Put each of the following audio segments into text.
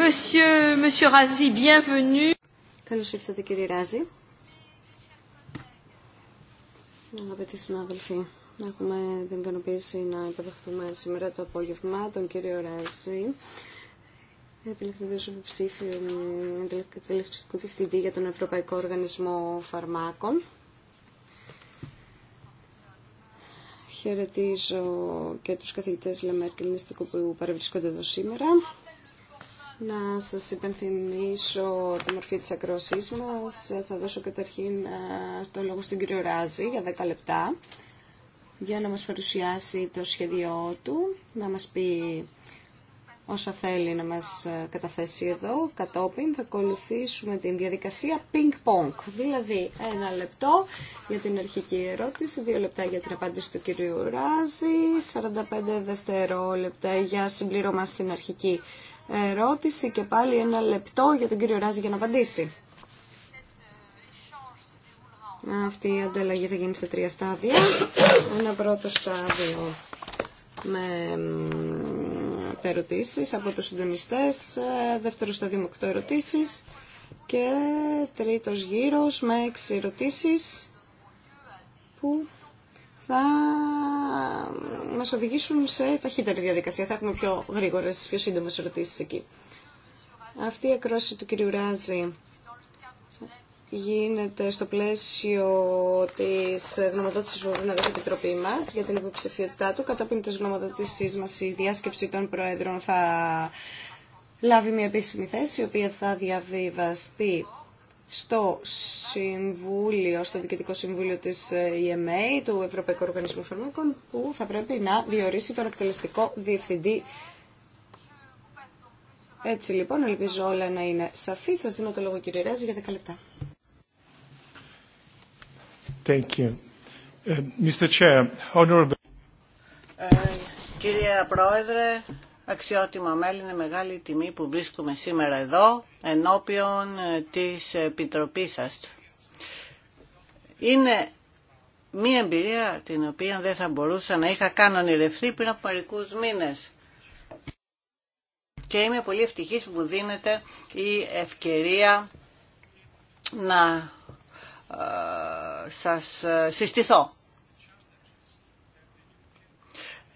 Monsieur, Monsieur Razi, bienvenue. Καλώς ήρθατε κύριε Ράζη. Αγαπητοί συνάδελφοι, έχουμε την ικανοποίηση να υποδεχθούμε σήμερα το απόγευμα τον κύριο Ράζη, του υποψήφιο τελεξιστικού διευθυντή για τον Ευρωπαϊκό Οργανισμό Φαρμάκων. Χαιρετίζω και τους καθηγητές Λεμέρ και που παρευρίσκονται εδώ σήμερα να σας υπενθυμίσω τη μορφή της ακρόσης μας. Θα δώσω καταρχήν το λόγο στην κύριο Ράζη για 10 λεπτά για να μας παρουσιάσει το σχέδιό του, να μας πει όσα θέλει να μας καταθέσει εδώ. Κατόπιν θα ακολουθήσουμε την διαδικασία ping-pong, δηλαδή ένα λεπτό για την αρχική ερώτηση, δύο λεπτά για την απάντηση του κυρίου Ράζη, 45 δευτερόλεπτα για συμπλήρωμα στην αρχική ερώτηση και πάλι ένα λεπτό για τον κύριο Ράζη για να απαντήσει. Αυτή η ανταλλαγή θα γίνει σε τρία στάδια. Ένα πρώτο στάδιο με τα ερωτήσεις από τους συντονιστές, δεύτερο στάδιο με οκτώ ερωτήσεις και τρίτος γύρος με έξι ερωτήσεις που θα μας οδηγήσουν σε ταχύτερη διαδικασία. Θα έχουμε πιο γρήγορε, πιο σύντομε ερωτήσει εκεί. Αυτή η ακρόση του κυρίου Ράζη γίνεται στο πλαίσιο της γνωμοδότησης που μπορεί να η Επιτροπή μας για την υποψηφιότητά του. Κατόπιν τη γνωμοδότησής μα, η διάσκεψη των Προέδρων θα λάβει μια επίσημη θέση, η οποία θα διαβιβαστεί στο Συμβούλιο, στο Διοικητικό Συμβούλιο της EMA, ε, του Ευρωπαϊκού Οργανισμού Φαρμάκων, που θα πρέπει να διορίσει τον εκτελεστικό διευθυντή. Έτσι λοιπόν, ελπίζω όλα να είναι σαφή. Σας δίνω το λόγο κύριε Ρέζη για 10 λεπτά. Thank you. Ε, Mr. Chair, honorable... Ε, Πρόεδρε, Αξιότιμα μέλη, είναι μεγάλη τιμή που βρίσκουμε σήμερα εδώ ενώπιον ε, της Επιτροπής σας. Είναι μία εμπειρία την οποία δεν θα μπορούσα να είχα καν ονειρευθεί πριν από μερικού μήνες. Και είμαι πολύ ευτυχής που μου δίνεται η ευκαιρία να ε, σας ε, συστηθώ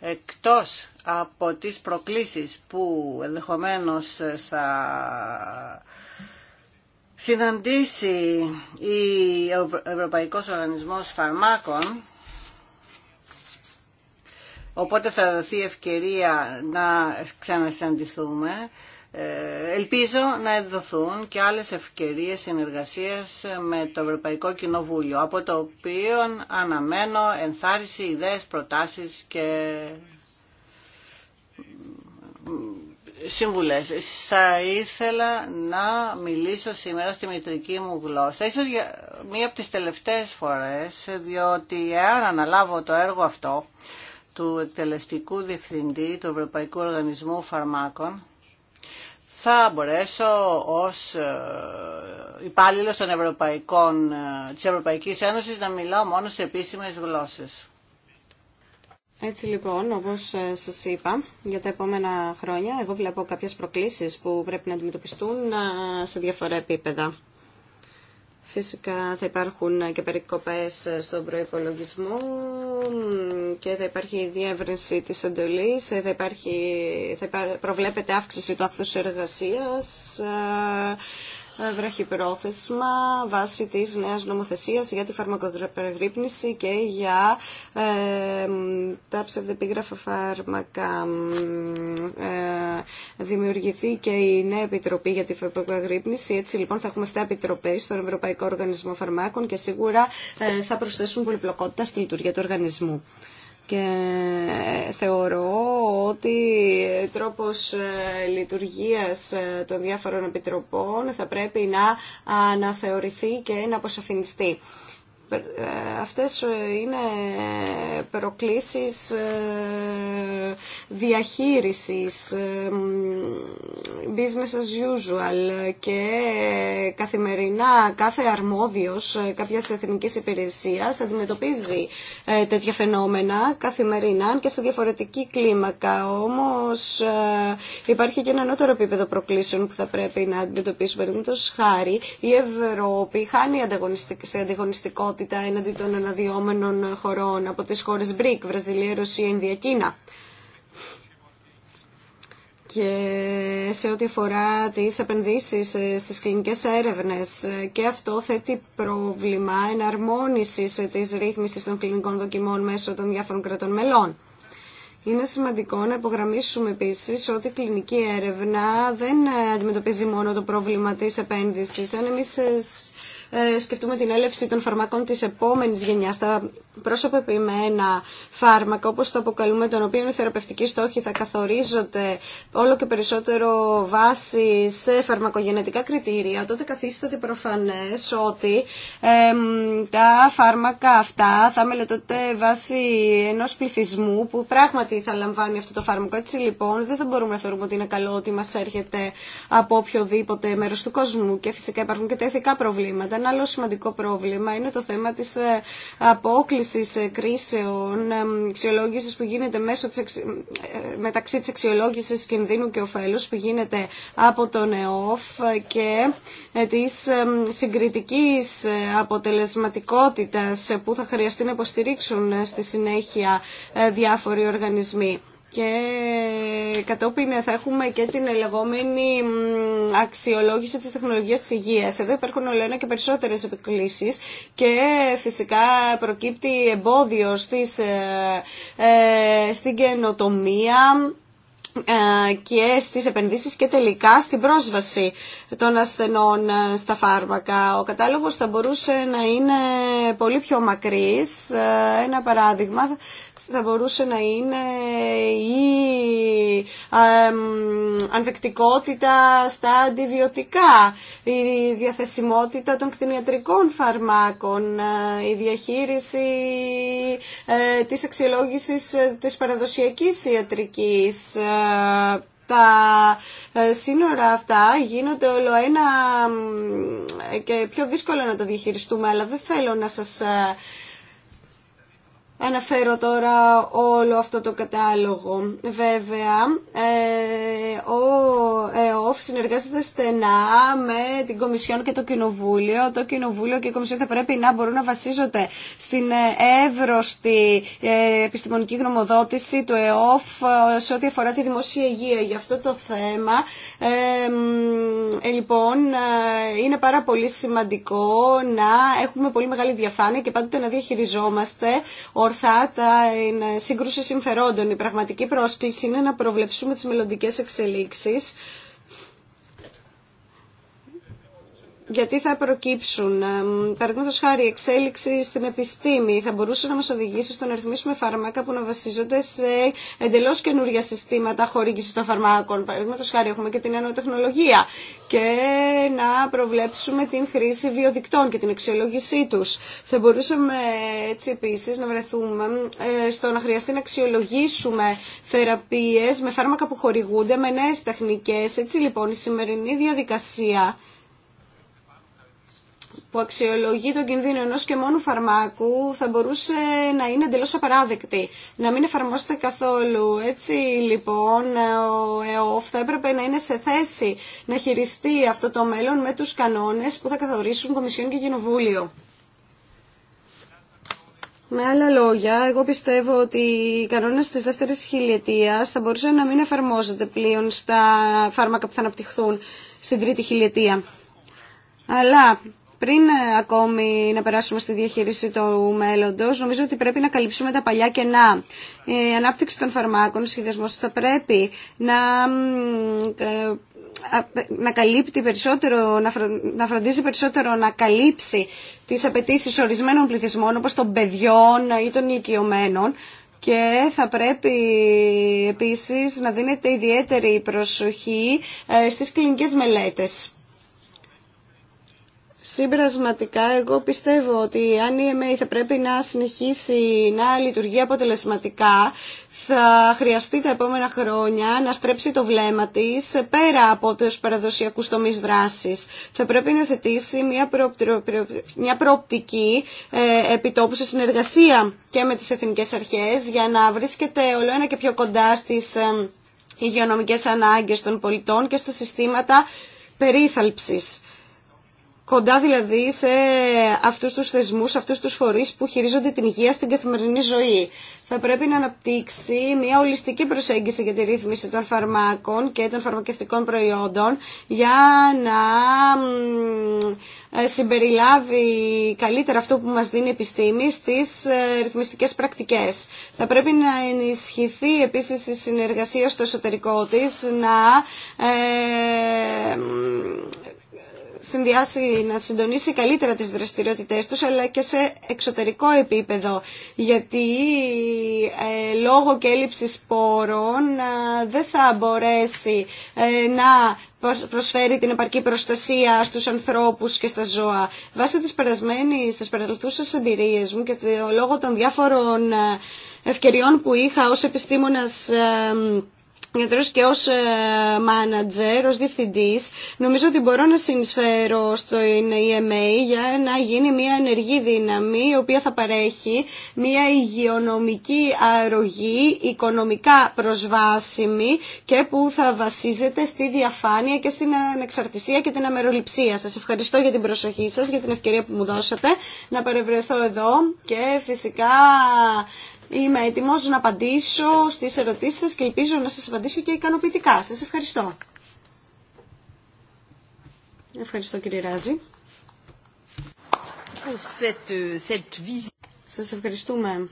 εκτός από τις προκλήσεις που ενδεχομένως θα συναντήσει ο Ευρωπαϊκός Οργανισμός Φαρμάκων οπότε θα δοθεί ευκαιρία να ξανασυναντηθούμε ε, ελπίζω να εκδοθούν και άλλες ευκαιρίες συνεργασίας με το Ευρωπαϊκό Κοινοβούλιο, από το οποίο αναμένω ενθάρρυνση, ιδέες, προτάσεις και συμβουλές. Θα ήθελα να μιλήσω σήμερα στη μητρική μου γλώσσα, ίσως για μία από τις τελευταίες φορές, διότι εάν αναλάβω το έργο αυτό του εκτελεστικού διευθυντή του Ευρωπαϊκού Οργανισμού Φαρμάκων, θα μπορέσω ως ε, υπάλληλος των Ευρωπαϊκών, ε, της Ευρωπαϊκής Ένωσης να μιλάω μόνο σε επίσημες γλώσσες. Έτσι λοιπόν, όπως ε, σας είπα, για τα επόμενα χρόνια εγώ βλέπω κάποιες προκλήσεις που πρέπει να αντιμετωπιστούν σε διάφορα επίπεδα. Φυσικά θα υπάρχουν και περικοπές στον προϋπολογισμό και θα υπάρχει διεύρυνση της εντολής, θα, υπάρχει, θα προβλέπεται αύξηση του αυθούς εργασίας, ε, βραχυπρόθεσμα βάσει της νέας νομοθεσίας για τη φαρμακοπεραγρύπνηση και για ε, τα ψευδεπίγραφα φάρμακα. Ε, δημιουργηθεί και η νέα επιτροπή για τη φαρμακοπεραγρύπνηση. Έτσι λοιπόν θα έχουμε 7 επιτροπές στον Ευρωπαϊκό Οργανισμό Φαρμάκων και σίγουρα ε, θα προσθέσουν πολυπλοκότητα στη λειτουργία του οργανισμού και θεωρώ ότι τρόπος ε, λειτουργίας ε, των διάφορων επιτροπών θα πρέπει να αναθεωρηθεί και να αποσαφινιστεί. Αυτές ε, είναι προκλήσεις ε, διαχείρισης, ε, business as usual και καθημερινά κάθε αρμόδιος κάποιας εθνικής υπηρεσίας αντιμετωπίζει τέτοια φαινόμενα καθημερινά και σε διαφορετική κλίμακα. Όμως υπάρχει και ένα ανώτερο επίπεδο προκλήσεων που θα πρέπει να αντιμετωπίσουμε. το χάρη η Ευρώπη χάνει σε ανταγωνιστικότητα ενότητα εναντί των αναδυόμενων χωρών από τις χώρες BRIC, Βραζιλία, Ρωσία, Ινδία, Κίνα. Και σε ό,τι αφορά τις επενδύσεις ε, στις κλινικές έρευνες ε, και αυτό θέτει πρόβλημα εναρμόνισης ε, της ρύθμισης των κλινικών δοκιμών μέσω των διάφορων κρατών μελών. Είναι σημαντικό να υπογραμμίσουμε επίσης ότι η κλινική έρευνα δεν αντιμετωπίζει μόνο το πρόβλημα της επένδυσης Αν εμείς... Ε, σκεφτούμε την έλευση των φαρμακών της επόμενης γενιάς, τα ένα φάρμακα, όπως το αποκαλούμε, τον οποίο οι θεραπευτικοί στόχοι θα καθορίζονται όλο και περισσότερο βάση σε φαρμακογενετικά κριτήρια, τότε καθίσταται προφανές ότι τα φάρμακα αυτά θα μελετώνται βάσει ενός πληθυσμού που πράγματι θα λαμβάνει αυτό το φάρμακο. Έτσι λοιπόν δεν θα μπορούμε να θεωρούμε ότι είναι καλό ότι μας έρχεται από οποιοδήποτε μέρος του κόσμου και φυσικά υπάρχουν και τα ηθικά προβλήματα. Ένα άλλο σημαντικό πρόβλημα είναι το θέμα της ε, απόκλησης ε, κρίσεων ε, που γίνεται μέσω της, μεταξύ της αξιολόγησης κινδύνου και ωφέλους που γίνεται από τον ΕΟΦ και της συγκριτικής αποτελεσματικότητας που θα χρειαστεί να υποστηρίξουν στη συνέχεια διάφοροι οργανισμοί και κατόπιν θα έχουμε και την λεγόμενη αξιολόγηση της τεχνολογίας της υγείας. Εδώ υπάρχουν όλο ένα και περισσότερες επικλήσεις και φυσικά προκύπτει εμπόδιο στις, ε, ε στην καινοτομία ε, και στις επενδύσεις και τελικά στην πρόσβαση των ασθενών ε, στα φάρμακα. Ο κατάλογος θα μπορούσε να είναι πολύ πιο μακρύς. Ένα παράδειγμα θα μπορούσε να είναι η ανθεκτικότητα στα αντιβιωτικά, η διαθεσιμότητα των κτηνιατρικών φαρμάκων, ε, η διαχείριση ε, της αξιολόγησης ε, της παραδοσιακής ιατρικής, τα σύνορα αυτά γίνονται όλο ένα και πιο δύσκολο να τα διαχειριστούμε, αλλά δεν θέλω να σας αναφέρω τώρα όλο αυτό το κατάλογο. Βέβαια, ε, ο ΕΟΦ συνεργάζεται στενά με την Κομισιόν και το Κοινοβούλιο. Το Κοινοβούλιο και η Κομισιόν θα πρέπει να μπορούν να βασίζονται στην εύρωστη ε, επιστημονική γνωμοδότηση του ΕΟΦ ε, σε ό,τι αφορά τη δημόσια υγεία. Γι' αυτό το θέμα, ε, λοιπόν, είναι πάρα πολύ σημαντικό να έχουμε πολύ μεγάλη διαφάνεια και πάντοτε να διαχειριζόμαστε ορθά τα σύγκρουση συμφερόντων. Η πραγματική πρόσκληση είναι να προβλεψούμε τις μελλοντικέ εξελίξεις γιατί θα προκύψουν. Ε, Παραδείγματο χάρη, εξέλιξη στην επιστήμη θα μπορούσε να μα οδηγήσει στο να ρυθμίσουμε φάρμακα που να βασίζονται σε εντελώ καινούργια συστήματα χορήγηση των φαρμάκων. Παραδείγματο χάρη, έχουμε και την ενοτεχνολογία. Και να προβλέψουμε την χρήση βιοδικτών και την αξιολόγησή του. Θα μπορούσαμε έτσι επίση να βρεθούμε ε, στο να χρειαστεί να αξιολογήσουμε θεραπείε με φάρμακα που χορηγούνται με νέε τεχνικέ. Έτσι λοιπόν η σημερινή διαδικασία που αξιολογεί τον κινδύνο ενό και μόνου φαρμάκου θα μπορούσε να είναι εντελώ απαράδεκτη, να μην εφαρμόζεται καθόλου. Έτσι λοιπόν ο ΕΟΦ θα έπρεπε να είναι σε θέση να χειριστεί αυτό το μέλλον με του κανόνε που θα καθορίσουν Κομισιόν και Κοινοβούλιο. Με άλλα λόγια, εγώ πιστεύω ότι οι κανόνε τη δεύτερη χιλιετίας θα μπορούσαν να μην εφαρμόζονται πλέον στα φάρμακα που θα αναπτυχθούν στην τρίτη χιλιετία. Αλλά πριν ε, ακόμη να περάσουμε στη διαχείριση του μέλλοντο, νομίζω ότι πρέπει να καλύψουμε τα παλιά κενά. Η ανάπτυξη των φαρμάκων, ο σχεδιασμό θα πρέπει να ε, να καλύπτει περισσότερο, να φροντίζει περισσότερο να καλύψει τις απαιτήσεις ορισμένων πληθυσμών όπως των παιδιών ή των ηλικιωμένων και θα πρέπει επίσης να δίνεται ιδιαίτερη προσοχή ε, στις κλινικές μελέτες. Συμπρασματικά εγώ πιστεύω ότι αν η ΕΜΕΗ θα πρέπει να συνεχίσει να λειτουργεί αποτελεσματικά, θα χρειαστεί τα επόμενα χρόνια να στρέψει το βλέμμα της πέρα από τους παραδοσιακούς τομείς δράσης. Θα πρέπει να θετήσει μια, προοπτρο... μια προοπτική ε, επιτόπου σε συνεργασία και με τις εθνικές αρχές για να βρίσκεται όλο ένα και πιο κοντά στις ε, υγειονομικές ανάγκες των πολιτών και στα συστήματα περίθαλψης κοντά δηλαδή σε αυτούς τους θεσμούς, αυτούς τους φορείς που χειρίζονται την υγεία στην καθημερινή ζωή. Θα πρέπει να αναπτύξει μια ολιστική προσέγγιση για τη ρύθμιση των φαρμάκων και των φαρμακευτικών προϊόντων για να ε, συμπεριλάβει καλύτερα αυτό που μας δίνει η επιστήμη στις ε, ρυθμιστικές πρακτικές. Θα πρέπει να ενισχυθεί επίσης η συνεργασία στο εσωτερικό της, να ε, συνδυάσει, να συντονίσει καλύτερα τις δραστηριότητές τους αλλά και σε εξωτερικό επίπεδο γιατί ε, λόγω και έλλειψης πόρων ε, δεν θα μπορέσει ε, να προσφέρει την επαρκή προστασία στους ανθρώπους και στα ζώα. Βάσει της περασμένης, της παρελθούσας εμπειρίες μου και λόγω των διάφορων ευκαιριών που είχα ως επιστήμονας κινητρός και ως μάνατζερ, ως διευθυντής, νομίζω ότι μπορώ να συνεισφέρω στο EMA για να γίνει μια ενεργή δύναμη, η οποία θα παρέχει μια υγειονομική αρρωγή, οικονομικά προσβάσιμη και που θα βασίζεται στη διαφάνεια και στην ανεξαρτησία και την αμεροληψία. Σας ευχαριστώ για την προσοχή σας, για την ευκαιρία που μου δώσατε να παρευρεθώ εδώ και φυσικά Είμαι έτοιμος να απαντήσω στις ερωτήσεις σα και ελπίζω να σας απαντήσω και ικανοποιητικά. Σας ευχαριστώ. Ευχαριστώ κύριε Ράζη. Σας ευχαριστούμε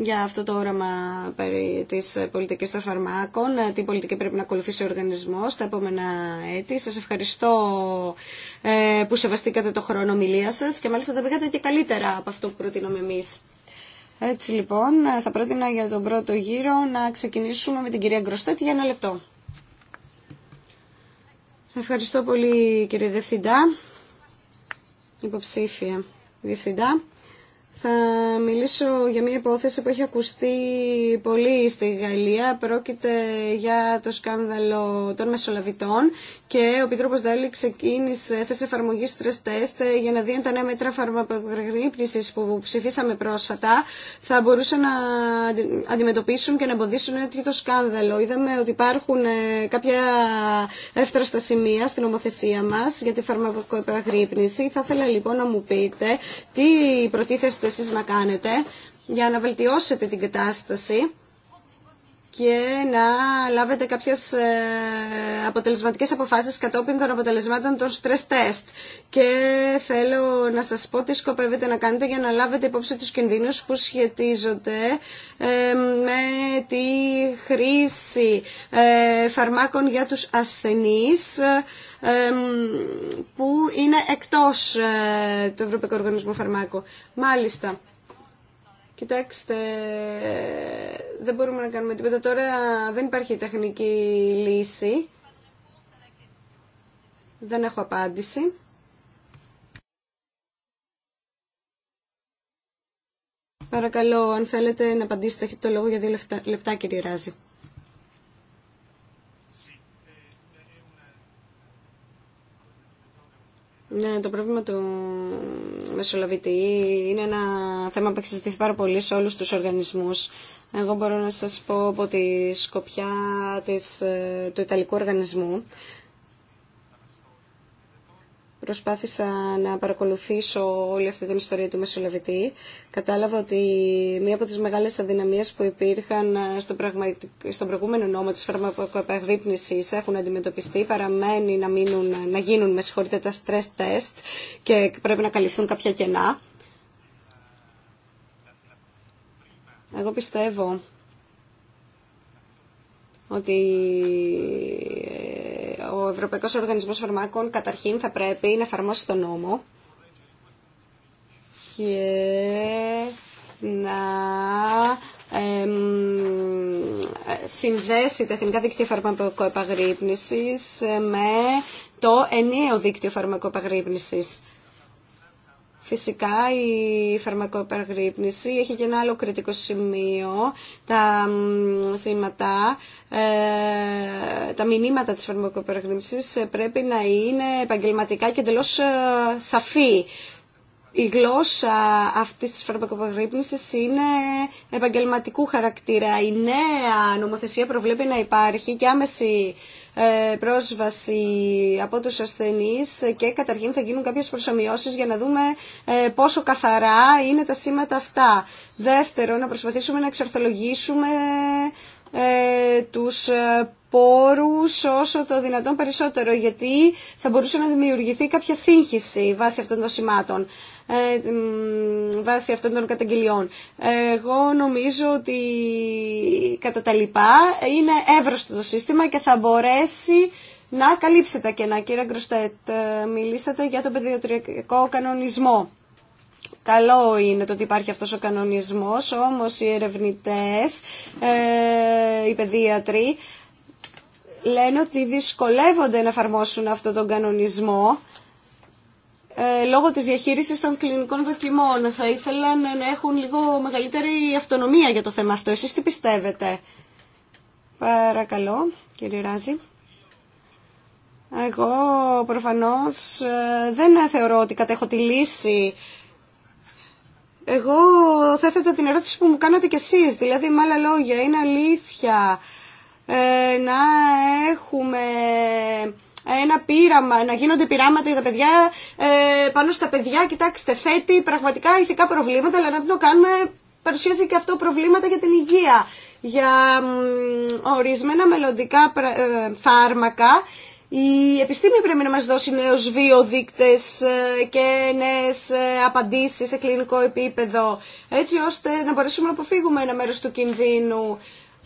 για αυτό το όραμα περί της πολιτικής των φαρμάκων, ε, τι πολιτική πρέπει να ακολουθήσει ο οργανισμός τα επόμενα έτη. Σας ευχαριστώ ε, που σεβαστήκατε το χρόνο ομιλία σας και μάλιστα τα πήγατε και καλύτερα από αυτό που προτείνουμε εμείς. Έτσι λοιπόν, ε, θα πρότεινα για τον πρώτο γύρο να ξεκινήσουμε με την κυρία Γκροστέτη για ένα λεπτό. Ευχαριστώ πολύ κύριε Δευθυντά. υποψήφια Δευθυντά. Θα μιλήσω για μια υπόθεση που έχει ακουστεί πολύ στη Γαλλία. Πρόκειται για το σκάνδαλο των μεσολαβητών και ο Πίτροπος Δέλη ξεκίνησε, έθεσε εφαρμογή στρε τεστ για να δει αν τα νέα μέτρα φαρμακογρύπνησης που ψηφίσαμε πρόσφατα θα μπορούσαν να αντιμετωπίσουν και να εμποδίσουν ένα τέτοιο σκάνδαλο. Είδαμε ότι υπάρχουν ε, κάποια εύθραστα σημεία στην ομοθεσία μας για τη φαρμακογρύπνηση. Θα ήθελα λοιπόν να μου πείτε τι προτίθεστε εσείς να κάνετε για να βελτιώσετε την κατάσταση και να λάβετε κάποιες ε, αποτελεσματικές αποφάσεις κατόπιν των αποτελεσμάτων των stress test. Και θέλω να σας πω τι σκοπεύετε να κάνετε για να λάβετε υπόψη τους κινδύνους που σχετίζονται ε, με τη χρήση ε, φαρμάκων για τους ασθενείς που είναι εκτός ε, του Ευρωπαϊκού Οργανισμού Φαρμάκου. Μάλιστα. Κοιτάξτε, δεν μπορούμε να κάνουμε τίποτα. Τώρα δεν υπάρχει τεχνική λύση. Δεν έχω απάντηση. Παρακαλώ, αν θέλετε να απαντήσετε, έχετε το λόγο για δύο λεπτά, λεπτά κύριε Ράζη. Ναι, το πρόβλημα του μεσολαβητή είναι ένα θέμα που έχει συζητηθεί πάρα πολύ σε όλους τους οργανισμούς. Εγώ μπορώ να σας πω από τη σκοπιά της, ε, του Ιταλικού Οργανισμού προσπάθησα να παρακολουθήσω όλη αυτή την ιστορία του Μεσολαβητή, κατάλαβα ότι μία από τις μεγάλες αδυναμίες που υπήρχαν ε, στον, προηγούμενο νόμο της φαρμακοεπαγρύπνησης έχουν αντιμετωπιστεί, παραμένει να, μείνουν, να γίνουν με συγχωρείτε τα stress test και πρέπει να καλυφθούν κάποια κενά. Εγώ πιστεύω ότι Ευρωπαϊκό Οργανισμός Φαρμάκων καταρχήν θα πρέπει να εφαρμόσει τον νόμο και να συνδέσει τα εθνικά δίκτυα φαρμακοεπαγρύπνησης με το ενιαίο δίκτυο φαρμακοεπαγρύπνησης. Φυσικά η φαρμακοπαραγρύπνηση έχει και ένα άλλο κριτικό σημείο, τα σήματα, ε, τα μηνύματα της φαρμακοπαραγρύπνησης ε, πρέπει να είναι επαγγελματικά και εντελώ ε, σαφή. Η γλώσσα αυτής της φαρμακοπαγρύπνησης είναι επαγγελματικού χαρακτήρα. Η νέα νομοθεσία προβλέπει να υπάρχει και άμεση ε, πρόσβαση από τους ασθενείς και καταρχήν θα γίνουν κάποιες προσωμιώσεις για να δούμε ε, πόσο καθαρά είναι τα σήματα αυτά. Δεύτερο, να προσπαθήσουμε να εξορθολογήσουμε ε, τους πόρους όσο το δυνατόν περισσότερο γιατί θα μπορούσε να δημιουργηθεί κάποια σύγχυση βάσει αυτών των σημάτων. Ε, βάσει αυτών των καταγγελιών. Εγώ νομίζω ότι κατά τα λοιπά είναι εύρωστο το σύστημα και θα μπορέσει να καλύψει και κενά. Κύριε Γκροστέτ, ε, μιλήσατε για τον παιδιατρικό κανονισμό. Καλό είναι το ότι υπάρχει αυτός ο κανονισμός, όμως οι ερευνητές, ε, οι παιδίατροι λένε ότι δυσκολεύονται να εφαρμόσουν αυτόν τον κανονισμό ε, λόγω της διαχείρισης των κλινικών δοκιμών. Θα ήθελαν να έχουν λίγο μεγαλύτερη αυτονομία για το θέμα αυτό. Εσείς τι πιστεύετε. Παρακαλώ, κύριε Ράζη. Εγώ προφανώς ε, δεν θεωρώ ότι κατέχω τη λύση. Εγώ θέθετα την ερώτηση που μου κάνατε κι εσείς, δηλαδή με άλλα λόγια, είναι αλήθεια ε, να έχουμε ένα πείραμα, να γίνονται πειράματα για τα παιδιά, ε, πάνω στα παιδιά, κοιτάξτε, θέτει πραγματικά ηθικά προβλήματα, αλλά να μην το κάνουμε, παρουσιάζει και αυτό προβλήματα για την υγεία, για ορισμένα μελλοντικά ε, φάρμακα. Η επιστήμη πρέπει να μας δώσει νέους βιοδείκτες ε, και νέες ε, απαντήσεις σε κλινικό επίπεδο, έτσι ώστε να μπορέσουμε να αποφύγουμε ένα μέρος του κινδύνου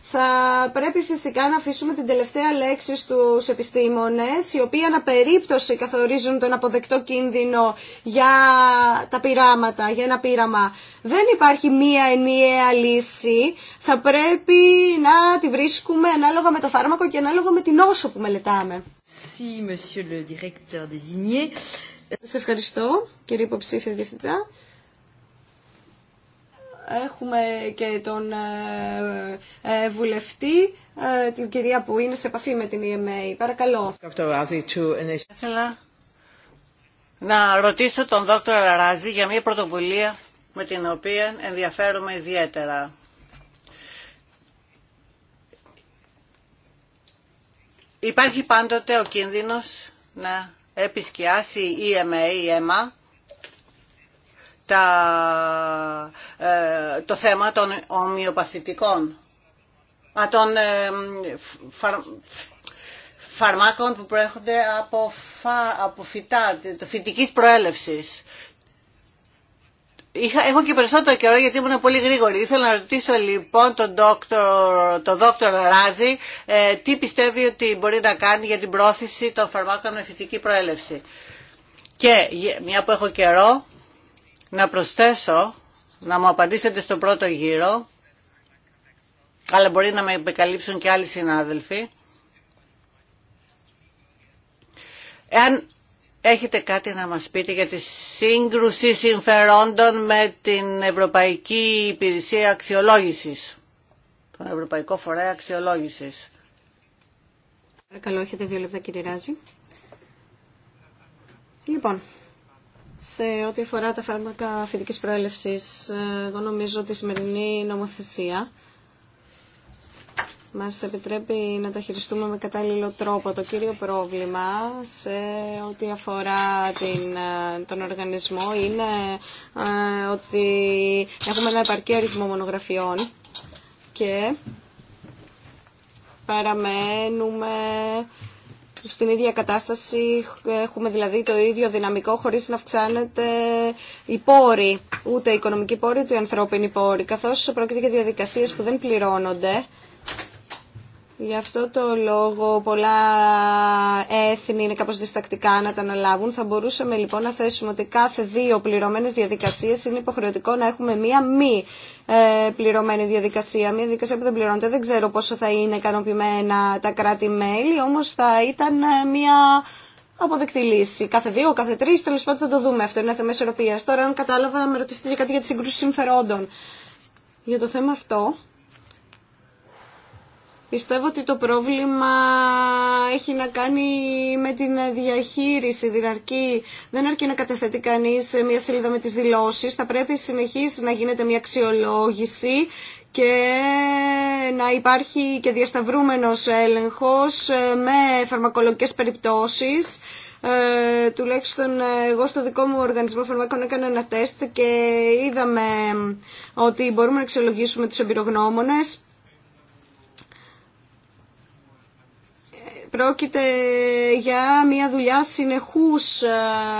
θα πρέπει φυσικά να αφήσουμε την τελευταία λέξη στους επιστήμονες, οι οποίοι αναπερίπτωση καθορίζουν τον αποδεκτό κίνδυνο για τα πειράματα, για ένα πείραμα. Δεν υπάρχει μία ενιαία λύση, θα πρέπει να τη βρίσκουμε ανάλογα με το φάρμακο και ανάλογα με την όσο που μελετάμε. Σας ευχαριστώ κύριε υποψήφια διευθυντά. Έχουμε και τον ε, ε, βουλευτή, ε, την κυρία που είναι σε επαφή με την EMA. Παρακαλώ. Ήθελα να ρωτήσω τον δόκτωρα Ράζη για μια πρωτοβουλία με την οποία ενδιαφέρομαι ιδιαίτερα. Υπάρχει πάντοτε ο κίνδυνος να επισκιάσει η EMA, η EMA, τα, ε, το θέμα των ομοιοπαθητικών, α, των ε, φαρμάκων που προέρχονται από, φα, από φυτά, φυτικής προέλευσης. Είχα, έχω και περισσότερο καιρό γιατί ήμουν πολύ γρήγορη. Ήθελα να ρωτήσω λοιπόν τον δόκτωρ τον Ράζη ε, τι πιστεύει ότι μπορεί να κάνει για την πρόθεση των φαρμάκων με φυτική προέλευση. Και μια που έχω καιρό, να προσθέσω, να μου απαντήσετε στο πρώτο γύρο, αλλά μπορεί να με επικαλύψουν και άλλοι συνάδελφοι. Εάν έχετε κάτι να μας πείτε για τη σύγκρουση συμφερόντων με την Ευρωπαϊκή Υπηρεσία Αξιολόγησης, τον Ευρωπαϊκό Φορέα Αξιολόγησης. Παρακαλώ, έχετε δύο λεπτά κύριε Ράζη. Λοιπόν, σε ό,τι αφορά τα φάρμακα φοιτικής προέλευσης, εγώ νομίζω ότι η σημερινή νομοθεσία μας επιτρέπει να τα χειριστούμε με κατάλληλο τρόπο. Το κύριο πρόβλημα σε ό,τι αφορά την, τον οργανισμό είναι ε, ότι έχουμε ένα επαρκή αριθμό μονογραφιών και παραμένουμε στην ίδια κατάσταση, έχουμε δηλαδή το ίδιο δυναμικό χωρίς να αυξάνεται η πόρη, ούτε η οικονομική πόρη, ούτε η ανθρώπινη πόρη, καθώς πρόκειται για διαδικασίες που δεν πληρώνονται Γι' αυτό το λόγο πολλά έθνη είναι κάπως διστακτικά να τα αναλάβουν. Θα μπορούσαμε λοιπόν να θέσουμε ότι κάθε δύο πληρωμένες διαδικασίες είναι υποχρεωτικό να έχουμε μία μη ε, πληρωμένη διαδικασία. Μία διαδικασία που δεν πληρώνεται. Δεν ξέρω πόσο θα είναι ικανοποιημένα τα κράτη-μέλη, όμως θα ήταν ε, μία αποδεκτή λύση. Κάθε δύο, κάθε τρει, τέλο πάντων θα το δούμε. Αυτό είναι ένα θέμα ισορροπία. Τώρα, αν κατάλαβα, με ρωτήσετε για κάτι για τη σύγκρουση συμφερόντων. Για το θέμα αυτό, Πιστεύω ότι το πρόβλημα έχει να κάνει με την διαχείριση. Δεν δηλαδή δεν αρκεί να κατεθέτει κανεί μια σελίδα με τι δηλώσει. Θα πρέπει συνεχίσει να γίνεται μια αξιολόγηση και να υπάρχει και διασταυρούμενος έλεγχος ε, με φαρμακολογικές περιπτώσεις. Ε, τουλάχιστον εγώ στο δικό μου οργανισμό φαρμάκων έκανα ένα τεστ και είδαμε ότι μπορούμε να αξιολογήσουμε τους εμπειρογνώμονες πρόκειται για μια δουλειά συνεχούς ε,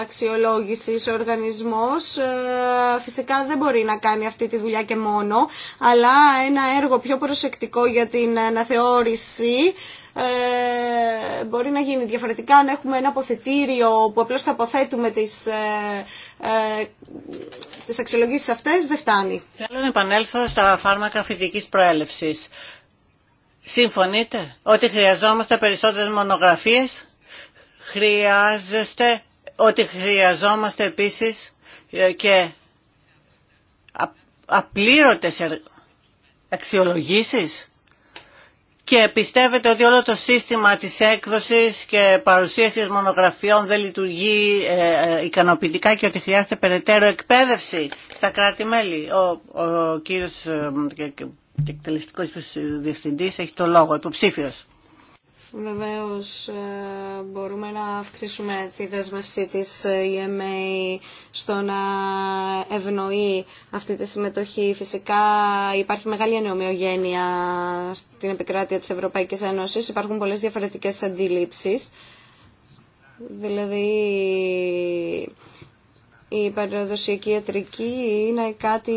αξιολόγησης. Ο οργανισμός ε, φυσικά δεν μπορεί να κάνει αυτή τη δουλειά και μόνο, αλλά ένα έργο πιο προσεκτικό για την αναθεώρηση ε, μπορεί να γίνει διαφορετικά αν έχουμε ένα αποθετήριο που απλώς θα αποθέτουμε τις, ε, ε, τις αξιολογήσεις αυτές δεν φτάνει. Θέλω να επανέλθω στα φάρμακα φυτικής προέλευσης. Συμφωνείτε ότι χρειαζόμαστε περισσότερες μονογραφίες, χρειάζεστε ότι χρειαζόμαστε επίσης ε, και απλήρωτες αξιολογήσεις και πιστεύετε ότι όλο το σύστημα της έκδοσης και παρουσίασης μονογραφιών δεν λειτουργεί ε, ε, ικανοποιητικά και ότι χρειάζεται περαιτέρω εκπαίδευση στα κράτη-μέλη. Ο, ο κύριος και εκτελεστικό διευθυντή έχει το λόγο, υποψήφιο. Βεβαίως ε, μπορούμε να αυξήσουμε τη δέσμευση τη, EMA ε στο να ευνοεί αυτή τη συμμετοχή. Φυσικά υπάρχει μεγάλη ανεομοιογένεια στην επικράτεια της Ευρωπαϊκή Ένωση. Υπάρχουν πολλές διαφορετικές αντιλήψεις. Δηλαδή η παραδοσιακή ιατρική είναι κάτι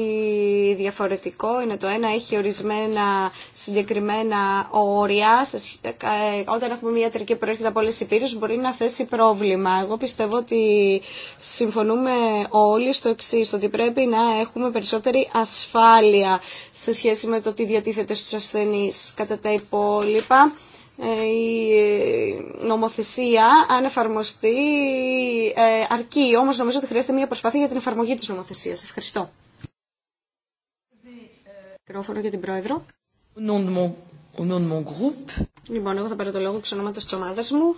διαφορετικό, είναι το ένα, έχει ορισμένα συγκεκριμένα όρια. Ε, ε, όταν έχουμε μια ιατρική που προέρχεται από όλες υπήρους μπορεί να θέσει πρόβλημα. Εγώ πιστεύω ότι συμφωνούμε όλοι στο εξή, ότι πρέπει να έχουμε περισσότερη ασφάλεια σε σχέση με το τι διατίθεται στους ασθενείς κατά τα υπόλοιπα. Ε, ε, η νομοθεσία, αν εφαρμοστεί, ε, αρκεί. Όμως νομίζω ότι χρειάζεται μια προσπάθεια για την εφαρμογή της νομοθεσίας. Ευχαριστώ. Μικρόφωνο για την Πρόεδρο. Λοιπόν, εγώ θα πάρω το λόγο εξ ονόματος της ομάδας μου.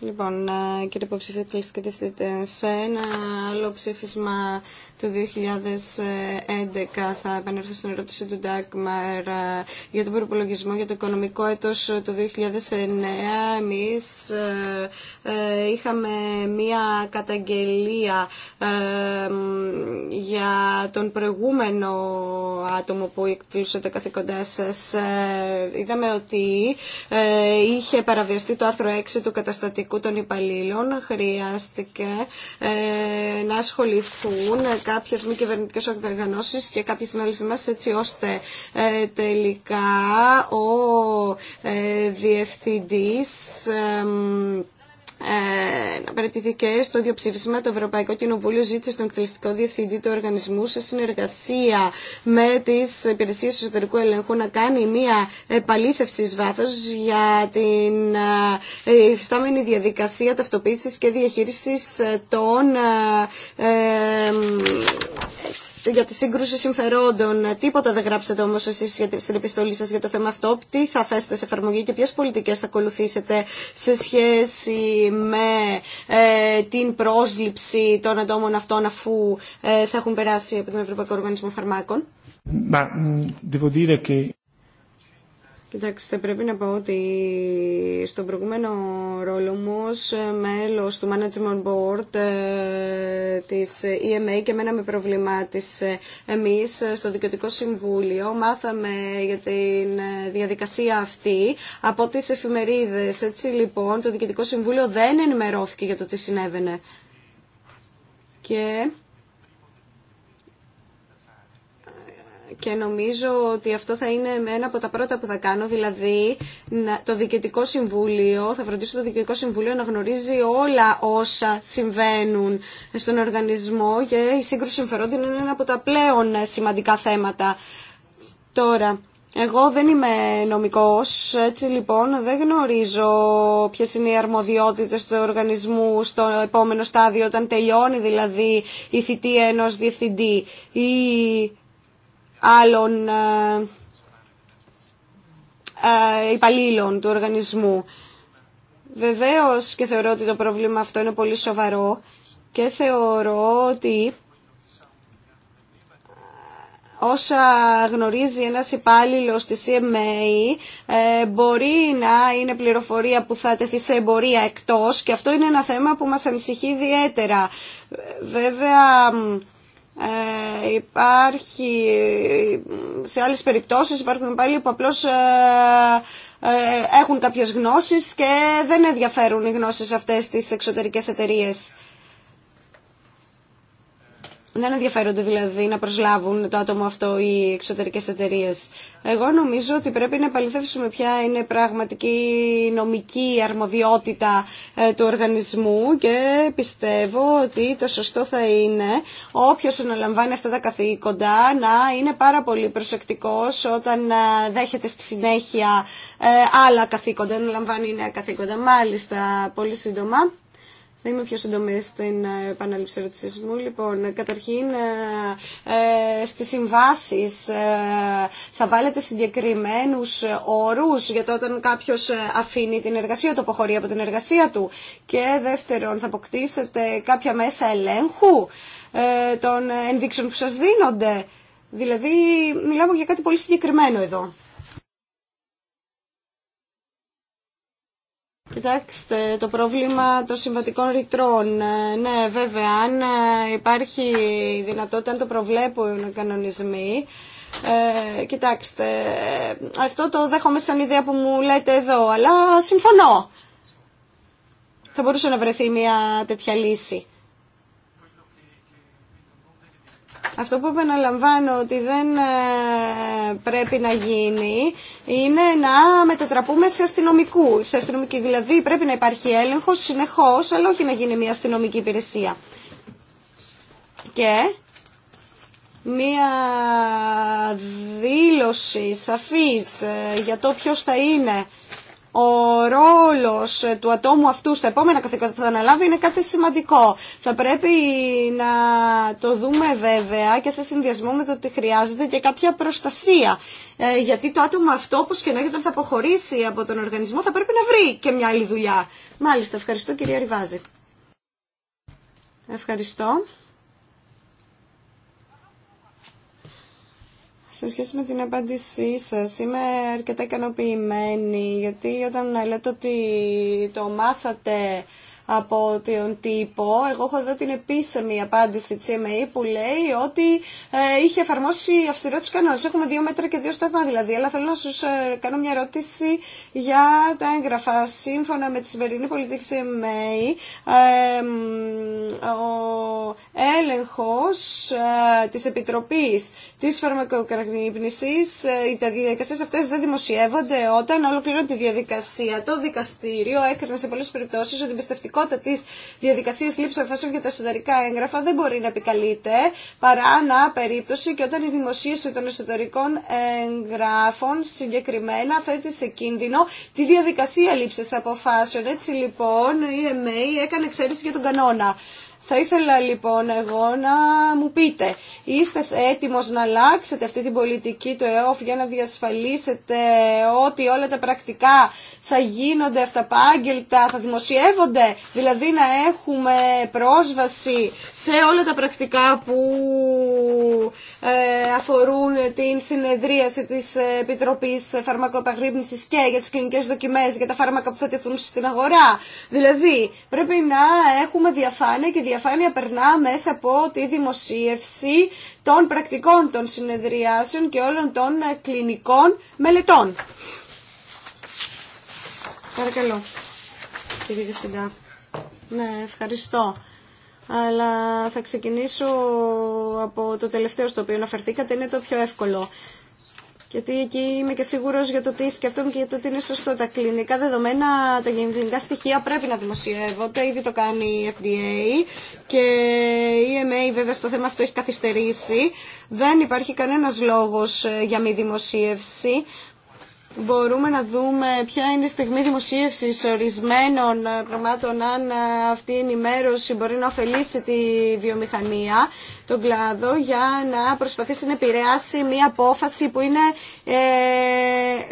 Λοιπόν, κύριε Υποψηφία, κλειστήκατε σε ένα άλλο ψήφισμα το 2011 θα επανέλθω στην ερώτηση του Ντάκμαρ ε, για τον προπολογισμό για το οικονομικό έτος ε, του 2009. Εμείς ε, είχαμε μία καταγγελία για τον προηγούμενο άτομο που εκτελούσε τα καθήκοντά σας. Είδαμε ότι είχε παραβιαστεί το άρθρο 6 του καταστατικού των υπαλλήλων. Χρειάστηκε να ασχοληθούν κάποιες μη κυβερνητικέ οργανώσει και κάποιες συναδελφοί μα, έτσι ώστε ε, τελικά ο ε, διευθυντής... Ε, να παρατηθεί και στο ίδιο ψήφισμα το Ευρωπαϊκό Κοινοβούλιο ζήτησε στον εκτελεστικό διευθυντή του οργανισμού σε συνεργασία με τις υπηρεσίες εσωτερικού ελέγχου να κάνει μια επαλήθευση βάθο για την ε, υφιστάμενη διαδικασία ταυτοποίηση και διαχείριση των ε, για τη σύγκρουση συμφερόντων. Τίποτα δεν γράψετε όμω εσεί στην επιστολή σα για το θέμα αυτό. Τι θα θέσετε σε εφαρμογή και ποιε πολιτικέ θα ακολουθήσετε σε σχέση με ε, την πρόσληψη των ατόμων αυτών αφού ε, θα έχουν περάσει από τον Ευρωπαϊκό Οργανισμό Φαρμάκων. Ma, devo dire che... Εντάξει, θα πρέπει να πω ότι στον προηγούμενο ρόλο μου ως ε, μέλος του Management Board ε, της ε, EMA και εμένα με προβλημάτισε εμείς στο Δικαιωτικό Συμβούλιο μάθαμε για την διαδικασία αυτή από τις εφημερίδες. Έτσι λοιπόν το Δικαιωτικό Συμβούλιο δεν ενημερώθηκε για το τι συνέβαινε. Και και νομίζω ότι αυτό θα είναι ένα από τα πρώτα που θα κάνω, δηλαδή το Διοικητικό Συμβούλιο, θα φροντίσω το Διοικητικό Συμβούλιο να γνωρίζει όλα όσα συμβαίνουν στον οργανισμό και η σύγκρουση συμφερόντων είναι ένα από τα πλέον σημαντικά θέματα. Τώρα, εγώ δεν είμαι νομικός, έτσι λοιπόν δεν γνωρίζω ποιες είναι οι αρμοδιότητες του οργανισμού στο επόμενο στάδιο, όταν τελειώνει δηλαδή η θητεία ενός διευθυντή άλλων ε, ε, υπαλλήλων του οργανισμού. Βεβαίως και θεωρώ ότι το πρόβλημα αυτό είναι πολύ σοβαρό και θεωρώ ότι όσα γνωρίζει ένας υπάλληλος της CMA ε, μπορεί να είναι πληροφορία που θα τεθεί σε εμπορία εκτός και αυτό είναι ένα θέμα που μας ανησυχεί ιδιαίτερα. Βέβαια ε, υπάρχει σε άλλες περιπτώσεις υπάρχουν πάλι που απλώς ε, ε, έχουν κάποιες γνώσεις και δεν ενδιαφέρουν οι γνώσεις αυτές τις εξωτερικές εταιρείες δεν ενδιαφέρονται δηλαδή να προσλάβουν το άτομο αυτό οι εξωτερικές εταιρείε. Εγώ νομίζω ότι πρέπει να επαληθεύσουμε ποια είναι πραγματική νομική αρμοδιότητα ε, του οργανισμού και πιστεύω ότι το σωστό θα είναι όποιο αναλαμβάνει αυτά τα καθήκοντα να είναι πάρα πολύ προσεκτικός όταν ε, δέχεται στη συνέχεια ε, άλλα καθήκοντα, να λαμβάνει νέα καθήκοντα. Μάλιστα, πολύ σύντομα. Θα είμαι πιο σύντομη στην ε, επανάληψη ερώτησή μου. Λοιπόν, ε, καταρχήν ε, ε, στις συμβάσεις θα βάλετε συγκεκριμένους όρους για το όταν κάποιος αφήνει την εργασία του, αποχωρεί από την εργασία του. Και δεύτερον, θα αποκτήσετε κάποια μέσα ελέγχου των ενδείξεων που σας δίνονται. Δηλαδή, μιλάμε για κάτι πολύ συγκεκριμένο εδώ. Κοιτάξτε, το πρόβλημα των συμβατικών ρητρών. Ε, ναι, βέβαια, αν ε, υπάρχει δυνατότητα να το προβλέπουν οι κανονισμοί, ε, κοιτάξτε, αυτό το δέχομαι σαν ιδέα που μου λέτε εδώ, αλλά συμφωνώ. Θα μπορούσε να βρεθεί μια τέτοια λύση. Αυτό που επαναλαμβάνω ότι δεν ε, πρέπει να γίνει είναι να μετατραπούμε σε αστυνομικού. Σε αστυνομική δηλαδή πρέπει να υπάρχει έλεγχο, συνεχώ αλλά όχι να γίνει μια αστυνομική υπηρεσία. Και μία δήλωση σαφής ε, για το ποιος θα είναι ο ρόλος του ατόμου αυτού στα επόμενα καθήκοντα που θα αναλάβει είναι κάτι σημαντικό. Θα πρέπει να το δούμε βέβαια και σε συνδυασμό με το ότι χρειάζεται και κάποια προστασία. Ε, γιατί το άτομο αυτό, όπω και να έχει όταν θα αποχωρήσει από τον οργανισμό, θα πρέπει να βρει και μια άλλη δουλειά. Μάλιστα, ευχαριστώ κυρία Ριβάζη. Ευχαριστώ. Σε σχέση με την απάντησή σας, είμαι αρκετά ικανοποιημένη, γιατί όταν λέτε ότι το μάθατε από τον τύπο. Εγώ έχω εδώ την επίσημη απάντηση τη που λέει ότι ε, είχε εφαρμόσει αυστηρό του κανόνες. Έχουμε δύο μέτρα και δύο σταθμά δηλαδή, αλλά θέλω να σας ε, κάνω μια ερώτηση για τα έγγραφα. Σύμφωνα με τη σημερινή πολιτική της ο έλεγχο ε, Επιτροπή τη της Φαρμακοκραγνύπνησης, οι ε, διαδικασίες αυτές δεν δημοσιεύονται όταν ολοκληρώνει τη διαδικασία. Το δικαστήριο έκρινε σε πολλέ περιπτώσει ότι αποτελεσματικότητα τη διαδικασία λήψη αποφάσεων για τα εσωτερικά έγγραφα δεν μπορεί να επικαλείται παρά περίπτωση και όταν η δημοσίευση των εσωτερικών εγγράφων συγκεκριμένα θέτει σε κίνδυνο τη διαδικασία λήψη αποφάσεων. Έτσι λοιπόν η EMA έκανε εξαίρεση για τον κανόνα. Θα ήθελα λοιπόν εγώ να μου πείτε, είστε έτοιμος να αλλάξετε αυτή την πολιτική του ΕΟΦ για να διασφαλίσετε ότι όλα τα πρακτικά θα γίνονται αυταπάγγελτα, θα δημοσιεύονται, δηλαδή να έχουμε πρόσβαση σε όλα τα πρακτικά που ε, αφορούν την συνεδρίαση της Επιτροπής Φαρμακοπαγρύπνησης και για τις κλινικές δοκιμές, για τα φάρμακα που θα τεθούν στην αγορά. Δηλαδή πρέπει να έχουμε διαφάνεια και διαφάνεια διαφάνεια περνά μέσα από τη δημοσίευση των πρακτικών των συνεδριάσεων και όλων των ε, κλινικών μελετών. Παρακαλώ. Κύριε Ναι, ευχαριστώ. Αλλά θα ξεκινήσω από το τελευταίο στο οποίο αναφερθήκατε, είναι το πιο εύκολο γιατί εκεί είμαι και σίγουρος για το τι σκεφτόμαι και για το τι είναι σωστό. Τα κλινικά δεδομένα, τα κλινικά στοιχεία πρέπει να δημοσιεύονται. Ήδη το κάνει η FDA και η EMA βέβαια στο θέμα αυτό έχει καθυστερήσει. Δεν υπάρχει κανένας λόγος ε, για μη δημοσίευση μπορούμε να δούμε ποια είναι η στιγμή δημοσίευσης ορισμένων πραγμάτων αν αυτή η ενημέρωση μπορεί να ωφελήσει τη βιομηχανία, τον κλάδο, για να προσπαθήσει να επηρεάσει μια απόφαση που είναι ε,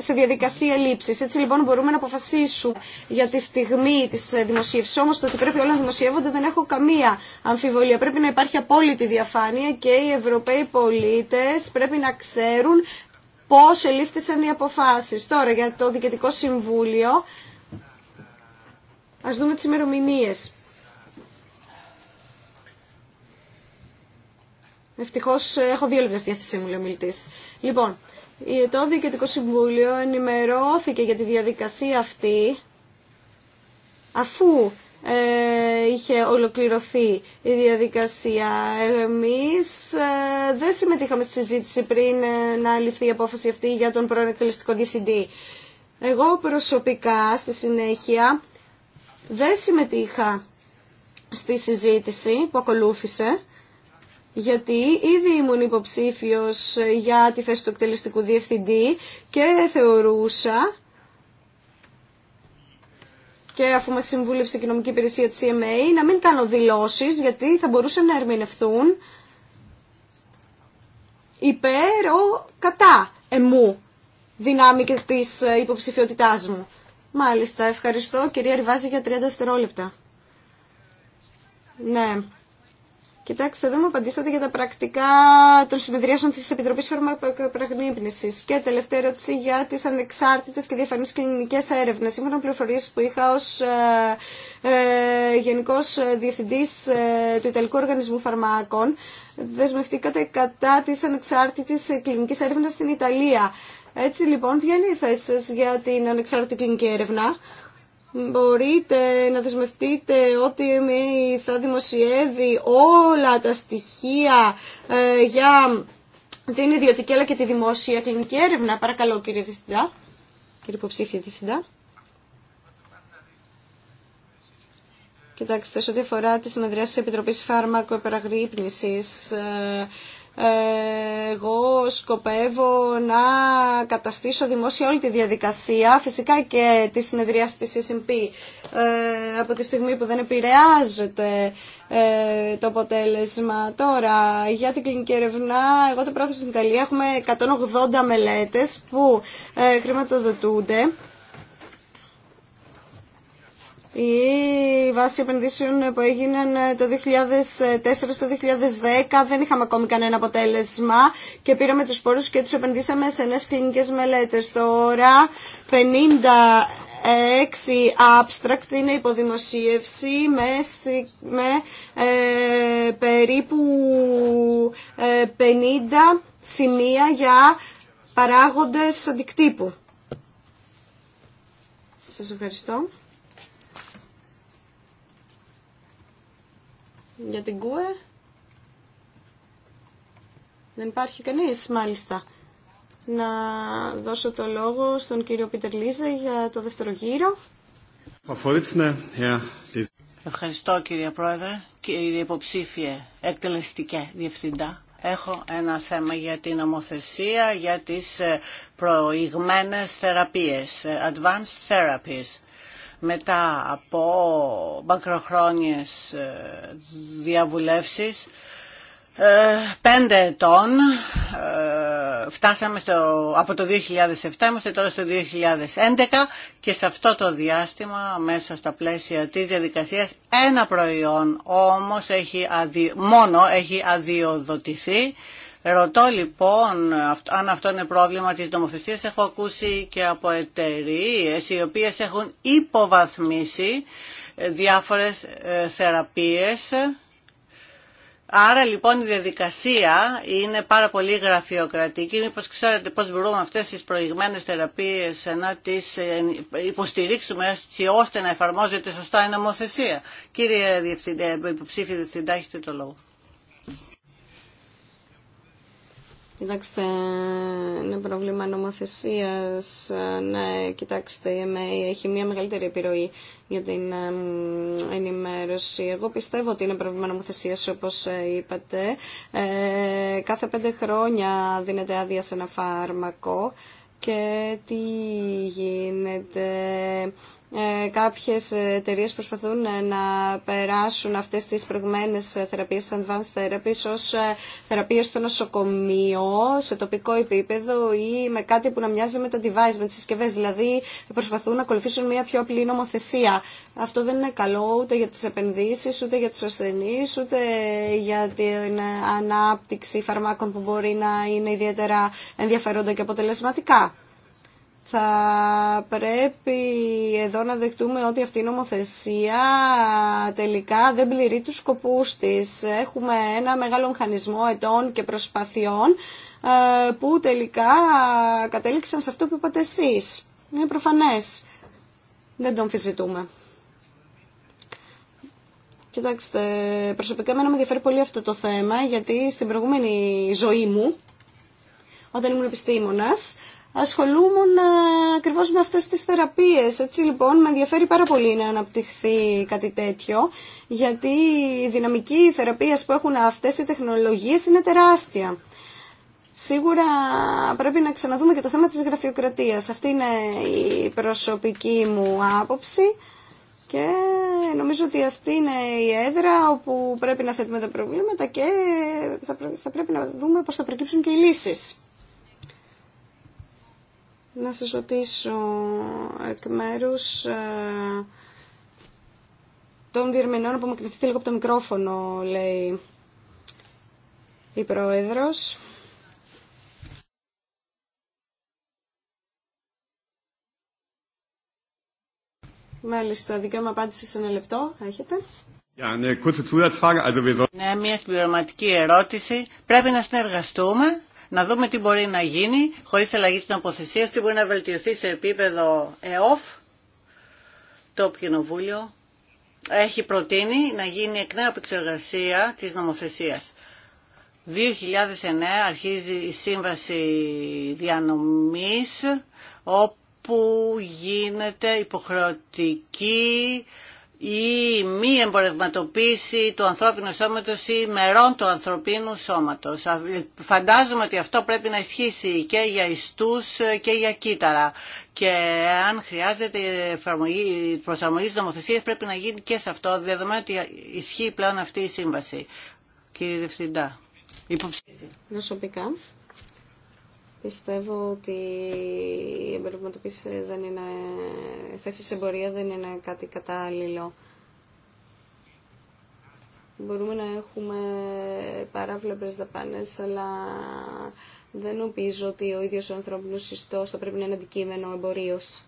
σε διαδικασία λήψης. Έτσι λοιπόν μπορούμε να αποφασίσουμε για τη στιγμή της δημοσίευσης. Όμως το ότι πρέπει όλα να δημοσιεύονται δεν έχω καμία αμφιβολία. Πρέπει να υπάρχει απόλυτη διαφάνεια και οι Ευρωπαίοι πολίτες πρέπει να ξέρουν πώς ελήφθησαν οι αποφάσεις. Τώρα για το Διοικητικό Συμβούλιο, ας δούμε τις ημερομηνίε. Ευτυχώ έχω δύο λεπτά στη διάθεσή μου, λέει Λοιπόν, το Διοικητικό Συμβούλιο ενημερώθηκε για τη διαδικασία αυτή αφού ε, είχε ολοκληρωθεί η διαδικασία. Εμείς ε, δεν συμμετείχαμε στη συζήτηση πριν ε, να ληφθεί η απόφαση αυτή για τον πρώην εκτελεστικό διευθυντή. Εγώ προσωπικά στη συνέχεια δεν συμμετείχα στη συζήτηση που ακολούθησε γιατί ήδη ήμουν υποψήφιος για τη θέση του εκτελεστικού διευθυντή και θεωρούσα και αφού μας συμβούλευσε η Κοινωνική Υπηρεσία της CMA να μην κάνω δηλώσει γιατί θα μπορούσαν να ερμηνευτούν υπέρ ο κατά εμού δυνάμει και τη ε, υποψηφιότητάς μου. Μάλιστα, ευχαριστώ κυρία Ριβάζη για 30 δευτερόλεπτα. Ναι. Κοιτάξτε, δεν μου απαντήσατε για τα πρακτικά των συνεδριάσεων τη Επιτροπή Φαρμακοπραγνύπνηση. Και τελευταία ερώτηση για τι ανεξάρτητε και διαφανεί κλινικέ έρευνε. Σύμφωνα με πληροφορίε που είχα ω ε, ε, Γενικό Διευθυντή ε, του Ιταλικού Οργανισμού Φαρμάκων, δεσμευτήκατε κατά τη ανεξάρτητη κλινική έρευνα στην Ιταλία. Έτσι λοιπόν, ποια είναι η θέση σα για την ανεξάρτητη κλινική έρευνα μπορείτε να δεσμευτείτε ότι θα δημοσιεύει όλα τα στοιχεία ε, για την ιδιωτική αλλά και τη δημόσια κλινική έρευνα. Παρακαλώ κύριε Διευθυντά, κύριε υποψήφιε Διευθυντά. Κοιτάξτε, σε ό,τι αφορά τη συνεδρία τη Επιτροπή Φάρμακο Επεραγρύπνηση, ε, εγώ σκοπεύω να καταστήσω δημόσια όλη τη διαδικασία, φυσικά και τη συνεδρία της SMP ε, από τη στιγμή που δεν επηρεάζεται ε, το αποτέλεσμα. Τώρα, για την κλινική ερευνά, εγώ το πρόθεσα στην Ιταλία, έχουμε 180 μελέτες που ε, χρηματοδοτούνται η βάση επενδύσεων που έγιναν το 2004 στο 2010 δεν είχαμε ακόμη κανένα αποτέλεσμα και πήραμε τους πόρους και τους επενδύσαμε σε νέες κλινικές μελέτες. Τώρα 56 abstract είναι υποδημοσίευση με, με ε, περίπου 50 ε, σημεία για παράγοντες αντικτύπου. Σας ευχαριστώ. για την κουέ, Δεν υπάρχει κανείς, μάλιστα. Να δώσω το λόγο στον κύριο Πίτερ Λίζε για το δεύτερο γύρο. Ευχαριστώ κύριε Πρόεδρε, κύριε υποψήφιε, εκτελεστικέ διευθυντά. Έχω ένα θέμα για την νομοθεσία για τις ε, προηγμένες θεραπείες, ε, advanced therapies μετά από μακροχρόνιες ε, διαβουλεύσεις ε, πέντε ετών ε, φτάσαμε στο, από το 2007 είμαστε τώρα στο 2011 και σε αυτό το διάστημα μέσα στα πλαίσια της διαδικασίας ένα προϊόν όμως έχει μόνο έχει αδειοδοτηθεί Ρωτώ λοιπόν αν αυτό είναι πρόβλημα της νομοθεσίας. Έχω ακούσει και από εταιρείε οι οποίες έχουν υποβαθμίσει ε, διάφορες ε, θεραπείες. Άρα λοιπόν η διαδικασία είναι πάρα πολύ γραφειοκρατική. Μήπως ξέρετε πώς μπορούμε αυτές τις προηγμένες θεραπείες να τις ε, υποστηρίξουμε έτσι ώστε να εφαρμόζεται σωστά η νομοθεσία. Κύριε Διευθυντή, υποψήφιε Διευθυντά, έχετε το λόγο. Κοιτάξτε, είναι πρόβλημα νομοθεσία. Ναι, κοιτάξτε, η ΕΜΕ έχει μια μεγαλύτερη επιρροή για την ενημέρωση. Εγώ πιστεύω ότι είναι πρόβλημα νομοθεσία, όπω ε, είπατε. Ε, κάθε πέντε χρόνια δίνεται άδεια σε ένα φάρμακο. Και τι γίνεται ε, κάποιες εταιρείε προσπαθούν ε, να περάσουν αυτές τις προηγμένες ε, θεραπείες της advanced therapies ως θεραπείες στο νοσοκομείο, σε τοπικό επίπεδο ή με κάτι που να μοιάζει με τα device, με τις συσκευές. Δηλαδή προσπαθούν να ακολουθήσουν μια πιο απλή νομοθεσία. Αυτό δεν είναι καλό ούτε για τις επενδύσεις, ούτε για τους ασθενείς, ούτε για την ανάπτυξη φαρμάκων που μπορεί να είναι ιδιαίτερα ενδιαφέροντα και αποτελεσματικά θα πρέπει εδώ να δεχτούμε ότι αυτή η νομοθεσία τελικά δεν πληρεί τους σκοπούς της. Έχουμε ένα μεγάλο μηχανισμό ετών και προσπαθειών ε, που τελικά κατέληξαν σε αυτό που είπατε εσείς. Είναι προφανές. Δεν το αμφισβητούμε. Κοιτάξτε, προσωπικά εμένα με ενδιαφέρει πολύ αυτό το θέμα, γιατί στην προηγούμενη ζωή μου, όταν ήμουν επιστήμονας, ασχολούμουν ε, ακριβώ με αυτές τις θεραπείες. Έτσι λοιπόν με ενδιαφέρει πάρα πολύ να αναπτυχθεί κάτι τέτοιο, γιατί η δυναμική θεραπεία που έχουν αυτές οι τεχνολογίες είναι τεράστια. Σίγουρα πρέπει να ξαναδούμε και το θέμα της γραφειοκρατίας. Αυτή είναι η προσωπική μου άποψη και νομίζω ότι αυτή είναι η έδρα όπου πρέπει να θέτουμε τα προβλήματα και θα πρέπει να δούμε πώς θα προκύψουν και οι λύσεις να σας ρωτήσω εκ μέρους ε, των διερμηνών που με λίγο από το μικρόφωνο, λέει η Πρόεδρος. Μάλιστα, δικαίωμα απάντηση σε ένα λεπτό. Έχετε. Ναι, μια συμπληρωματική ερώτηση. Πρέπει να συνεργαστούμε να δούμε τι μπορεί να γίνει χωρίς αλλαγή της νομοθεσίας, τι μπορεί να βελτιωθεί σε επίπεδο ΕΟΦ. Το Κοινοβούλιο έχει προτείνει να γίνει εκ νέου επεξεργασία της νομοθεσίας. 2009 αρχίζει η σύμβαση διανομής όπου γίνεται υποχρεωτική η μη εμπορευματοποίηση του ανθρώπινου σώματος ή μερών του ανθρωπίνου σώματος. Φαντάζομαι ότι αυτό πρέπει να ισχύσει και για ιστούς και για κύτταρα. Και αν χρειάζεται η προσαρμογή της νομοθεσίας πρέπει να γίνει και σε αυτό, δεδομένου ότι ισχύει πλέον αυτή η σύμβαση. Κύριε Δευθυντά, υποψήφι. Προσωπικά Πιστεύω ότι η δεν είναι, θέση σε εμπορία δεν είναι κάτι κατάλληλο. Μπορούμε να έχουμε παράβλεπες δαπάνες, αλλά δεν νομίζω ότι ο ίδιος ο ανθρώπινος ιστός θα πρέπει να είναι αντικείμενο εμπορίως.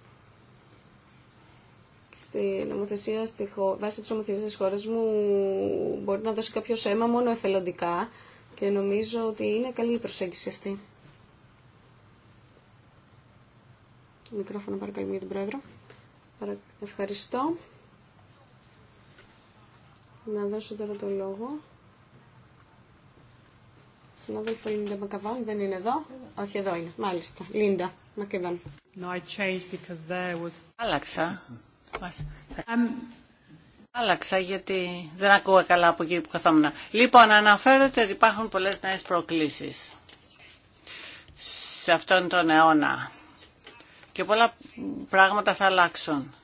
Στη νομοθεσία, στη χω... βάση της νομοθεσίας της χώρας μου μπορεί να δώσει κάποιο αίμα μόνο εθελοντικά και νομίζω ότι είναι καλή η προσέγγιση αυτή. Μικρόφωνο παρακαλώ για την Πρόεδρο. Ευχαριστώ. Να δώσω τώρα το λόγο. Συνάδελφο Λίντα Μακαβάν δεν είναι εδώ. Όχι εδώ είναι. Μάλιστα. Λίντα Μακαβάν. Άλλαξα. Άλλαξα γιατί δεν ακούω καλά από εκεί που καθόμουν. Λοιπόν, αναφέρεται ότι υπάρχουν πολλές νέες προκλήσεις σε αυτόν τον αιώνα και πολλά πράγματα θα αλλάξουν.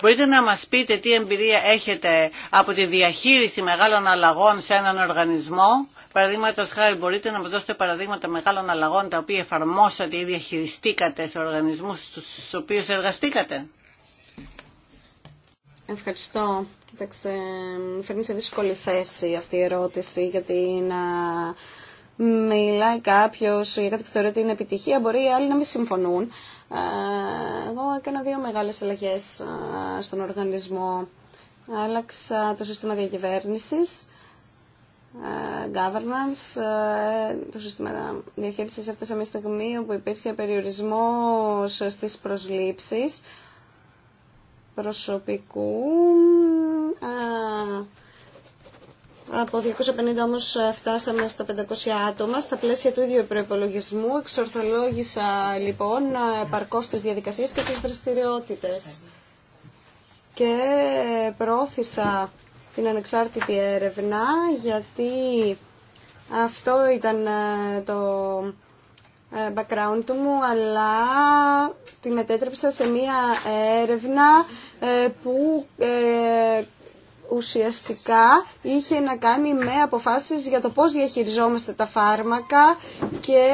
Μπορείτε να μας πείτε τι εμπειρία έχετε από τη διαχείριση μεγάλων αλλαγών σε έναν οργανισμό. Παραδείγματος χάρη μπορείτε να μας δώσετε παραδείγματα μεγάλων αλλαγών τα οποία εφαρμόσατε ή διαχειριστήκατε σε οργανισμούς στους οποίους εργαστήκατε. Ευχαριστώ. Κοιτάξτε, φέρνει σε δύσκολη θέση αυτή η ερώτηση γιατί ειναι μιλάει κάποιο για κάτι που θεωρείται είναι επιτυχία, μπορεί οι άλλοι να μην συμφωνούν. Ε, εγώ έκανα δύο μεγάλες αλλαγές ε, στον οργανισμό. Άλλαξα το σύστημα διακυβέρνησης, ε, governance, το σύστημα διαχείρισης αυτή τη στιγμή όπου υπήρχε περιορισμός στις προσλήψεις προσωπικού. Από 250 όμως ε, φτάσαμε στα 500 άτομα. Στα πλαίσια του ίδιου προπολογισμού εξορθολόγησα λοιπόν ε, επαρκώς τις διαδικασίες και τις δραστηριότητες. Και ε, προώθησα την ανεξάρτητη έρευνα γιατί αυτό ήταν το background του μου, αλλά τη μετέτρεψα σε μία έρευνα που ουσιαστικά είχε να κάνει με αποφάσεις για το πώς διαχειριζόμαστε τα φάρμακα και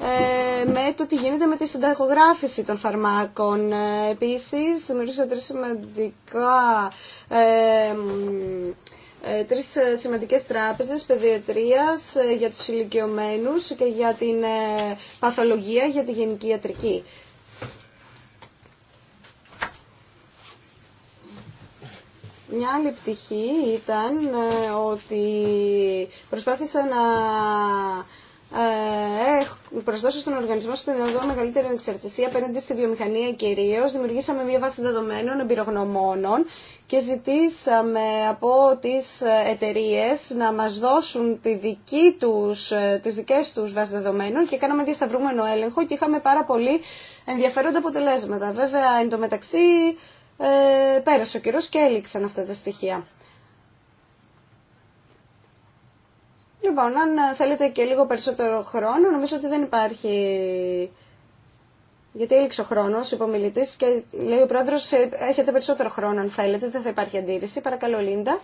ε, με το τι γίνεται με τη συνταγογράφηση των φαρμάκων. Ε, επίσης, μιλούσα τρεις σημαντικά ε, τρεις σημαντικές τράπεζες παιδιατρίας για τους ηλικιωμένους και για την παθολογία, για τη γενική ιατρική. Μια άλλη πτυχή ήταν ε, ότι προσπάθησα να ε, προσδώσω στον οργανισμό στην Ελλάδα μεγαλύτερη ανεξαρτησία απέναντι στη βιομηχανία κυρίω. Δημιουργήσαμε μια βάση δεδομένων εμπειρογνωμόνων και ζητήσαμε από τις εταιρείε να μας δώσουν τη δική τους, ε, τις δικές τους βάσεις δεδομένων και κάναμε διασταυρούμενο έλεγχο και είχαμε πάρα πολύ ενδιαφέροντα αποτελέσματα. Βέβαια, εν μεταξύ, ε, πέρασε ο καιρός και έληξαν αυτά τα στοιχεία. Λοιπόν, αν θέλετε και λίγο περισσότερο χρόνο, νομίζω ότι δεν υπάρχει... Γιατί έληξε ο χρόνο, υπομιλητή και λέει ο πρόεδρο, «Ε, έχετε περισσότερο χρόνο αν θέλετε, δεν θα υπάρχει αντίρρηση. Παρακαλώ, Λίντα.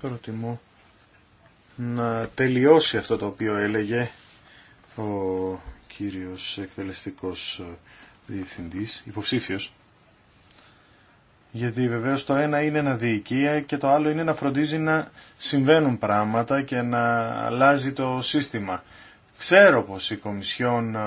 Προτιμώ να τελειώσει αυτό το οποίο έλεγε ο κύριος εκτελεστικός διευθυντή, υποψήφιος. Γιατί βεβαίω το ένα είναι να διοικεί και το άλλο είναι να φροντίζει να συμβαίνουν πράγματα και να αλλάζει το σύστημα. Ξέρω πως η Κομισιόν ε,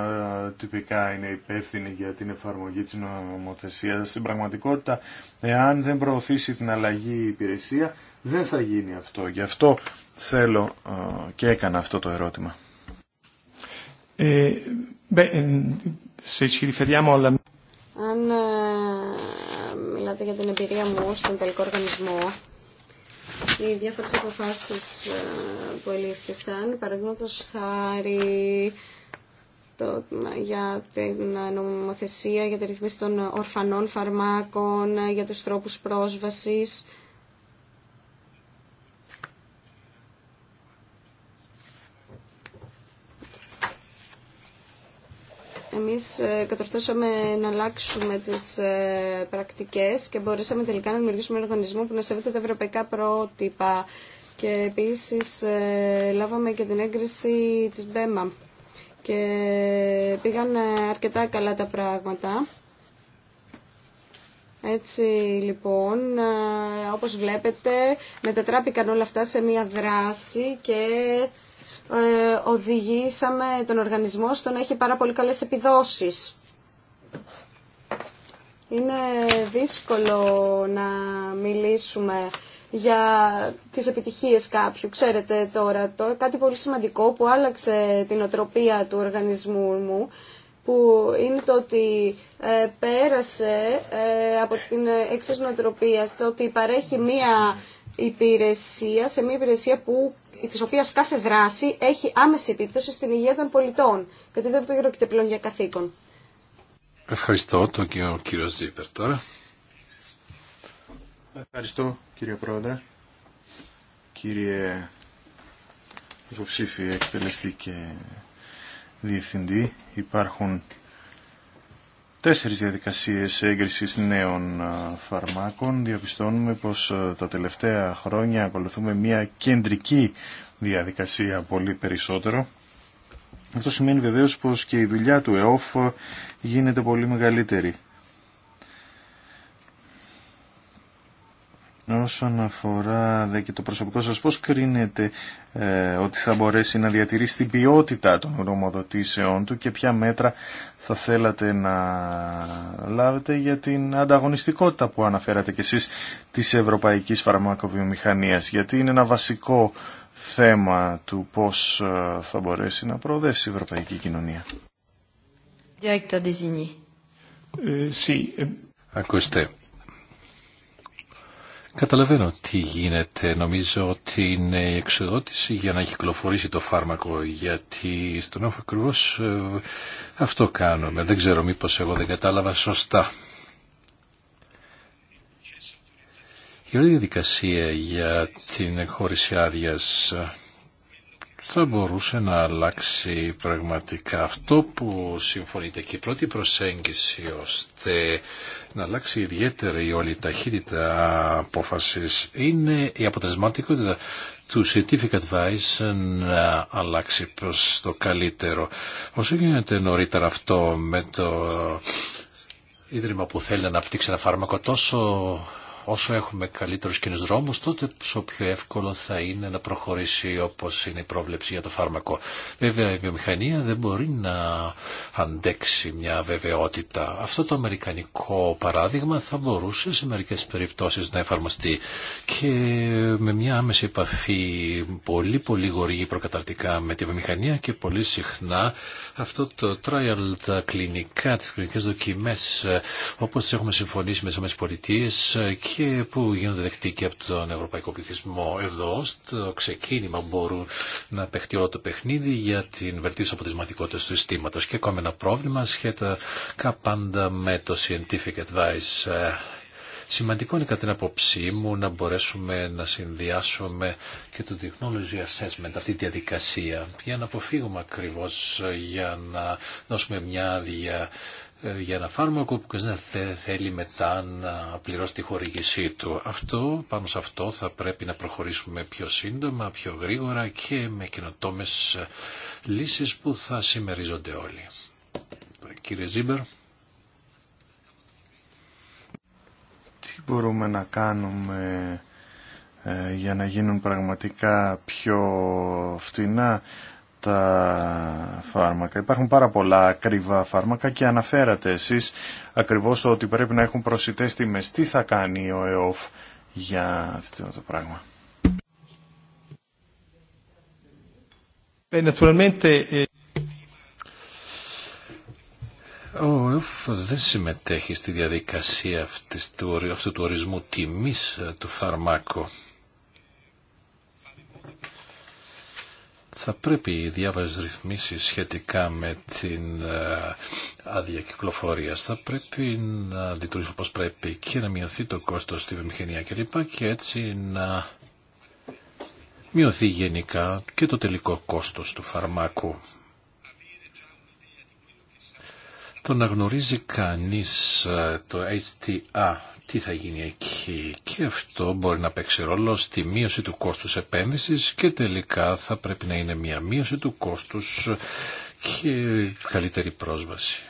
τυπικά είναι υπεύθυνη για την εφαρμογή της νομοθεσίας. Στην πραγματικότητα, εάν δεν προωθήσει την αλλαγή υπηρεσία, δεν θα γίνει αυτό. Γι' αυτό θέλω ε, και έκανα αυτό το ερώτημα. Ε, ε αν ε, μιλάτε για την εμπειρία μου στον τελικό οργανισμό, οι διάφορες αποφάσεις ε, που ελήφθησαν, παραδείγματο χάρη το, για την νομοθεσία, για τη ρυθμίση των ορφανών φαρμάκων, για τους τρόπους πρόσβασης, Εμείς ε, κατορθώσαμε να αλλάξουμε τις ε, πρακτικές και μπορέσαμε τελικά να δημιουργήσουμε ένα οργανισμό που να σέβεται τα ευρωπαϊκά πρότυπα και επίσης ε, λάβαμε και την έγκριση της ΜΠΕΜΑ και πήγαν αρκετά καλά τα πράγματα. Έτσι λοιπόν, όπως βλέπετε, μετατράπηκαν όλα αυτά σε μια δράση και ε, οδηγήσαμε τον οργανισμό στο να έχει πάρα πολύ καλές επιδόσεις. Είναι δύσκολο να μιλήσουμε για τις επιτυχίες κάποιου. Ξέρετε τώρα, το, κάτι πολύ σημαντικό που άλλαξε την οτροπία του οργανισμού μου, που είναι το ότι ε, πέρασε ε, από την εξής νοοτροπία στο ότι παρέχει μία υπηρεσία, σε μια υπηρεσία που τη οποία κάθε δράση έχει άμεση επίπτωση στην υγεία των πολιτών. Γιατί δεν πρόκειται πλέον για καθήκον. Ευχαριστώ τον κύριο Ζήπερ τώρα. Ευχαριστώ κύριε Πρόεδρε, κύριε υποψήφιοι εκτελεστή και διευθυντή. Υπάρχουν τέσσερις διαδικασίες έγκρισης νέων φαρμάκων. Διαπιστώνουμε πως τα τελευταία χρόνια ακολουθούμε μια κεντρική διαδικασία πολύ περισσότερο. Αυτό σημαίνει βεβαίως πως και η δουλειά του ΕΟΦ γίνεται πολύ μεγαλύτερη. Όσον αφορά δε, και το προσωπικό σας, πώς κρίνετε ε, ότι θα μπορέσει να διατηρήσει την ποιότητα των γνωμοδοτήσεών του και ποια μέτρα θα θέλατε να λάβετε για την ανταγωνιστικότητα που αναφέρατε και εσείς της Ευρωπαϊκής Φαρμακοβιομηχανίας, γιατί είναι ένα βασικό θέμα του πώς ε, θα μπορέσει να προοδεύσει η Ευρωπαϊκή Κοινωνία. Ε, Ακούστε, Καταλαβαίνω τι γίνεται. Νομίζω ότι είναι η εξοδότηση για να κυκλοφορήσει το φάρμακο, γιατί στον όφο ακριβώ ε, αυτό κάνουμε. Δεν ξέρω μήπως εγώ δεν κατάλαβα σωστά. Η όλη διαδικασία για την χώριση άδεια θα μπορούσε να αλλάξει πραγματικά αυτό που συμφωνείται και η πρώτη προσέγγιση ώστε να αλλάξει ιδιαίτερα η όλη ταχύτητα απόφασης είναι η αποτελεσματικότητα του Scientific Advice να αλλάξει προς το καλύτερο. Όσο γίνεται νωρίτερα αυτό με το ίδρυμα που θέλει να αναπτύξει ένα φάρμακο τόσο όσο έχουμε καλύτερους κοινού δρόμους, τότε πιο πιο εύκολο θα είναι να προχωρήσει όπως είναι η πρόβλεψη για το φάρμακο. Βέβαια η βιομηχανία δεν μπορεί να αντέξει μια βεβαιότητα. Αυτό το αμερικανικό παράδειγμα θα μπορούσε σε μερικές περιπτώσεις να εφαρμοστεί και με μια άμεση επαφή πολύ πολύ γοργή προκαταρτικά με τη βιομηχανία και πολύ συχνά αυτό το trial, τα κλινικά, τις κλινικές δοκιμές ε, όπως έχουμε συμφωνήσει με τις ΗΠΑ και που γίνονται δεκτοί και από τον ευρωπαϊκό πληθυσμό. Εδώ στο ξεκίνημα μπορούν να παιχτεί όλο το παιχνίδι για την βελτίωση αποτελεσματικότητα του συστήματο. Και ακόμα ένα πρόβλημα σχετικά πάντα με το scientific advice. Ε, σημαντικό είναι κατά την απόψή μου να μπορέσουμε να συνδυάσουμε και το technology assessment, αυτή τη διαδικασία, για να αποφύγουμε ακριβώς, ε, για να δώσουμε μια άδεια ε, για ένα φάρμακο που κανείς δεν θέλει μετά να πληρώσει τη χορήγησή του. Αυτό, πάνω σε αυτό θα πρέπει να προχωρήσουμε πιο σύντομα, πιο γρήγορα και με καινοτόμε ε, λύσεις που θα συμμερίζονται όλοι. Κύριε Ζήμπερ. Τι μπορούμε να κάνουμε ε, για να γίνουν πραγματικά πιο φτηνά τα φάρμακα. Υπάρχουν πάρα πολλά ακριβά φάρμακα και αναφέρατε εσείς ακριβώς ότι πρέπει να έχουν προσιτές τιμές. Τι θα κάνει ο ΕΟΦ για αυτό το πράγμα. Eh, ο ΕΟΦ δεν συμμετέχει στη διαδικασία αυτού του ορισμού τιμής ε, του φαρμάκου. θα πρέπει οι διάφορες ρυθμίσεις σχετικά με την ε, άδεια κυκλοφορία θα πρέπει να λειτουργήσουν όπως πρέπει και να μειωθεί το κόστος στη βιομηχανία κλπ. και έτσι να μειωθεί γενικά και το τελικό κόστος του φαρμάκου. Το να γνωρίζει κανείς ε, το HTA τι θα γίνει εκεί. Και αυτό μπορεί να παίξει ρόλο στη μείωση του κόστους επένδυσης και τελικά θα πρέπει να είναι μια μείωση του κόστους και καλύτερη πρόσβαση.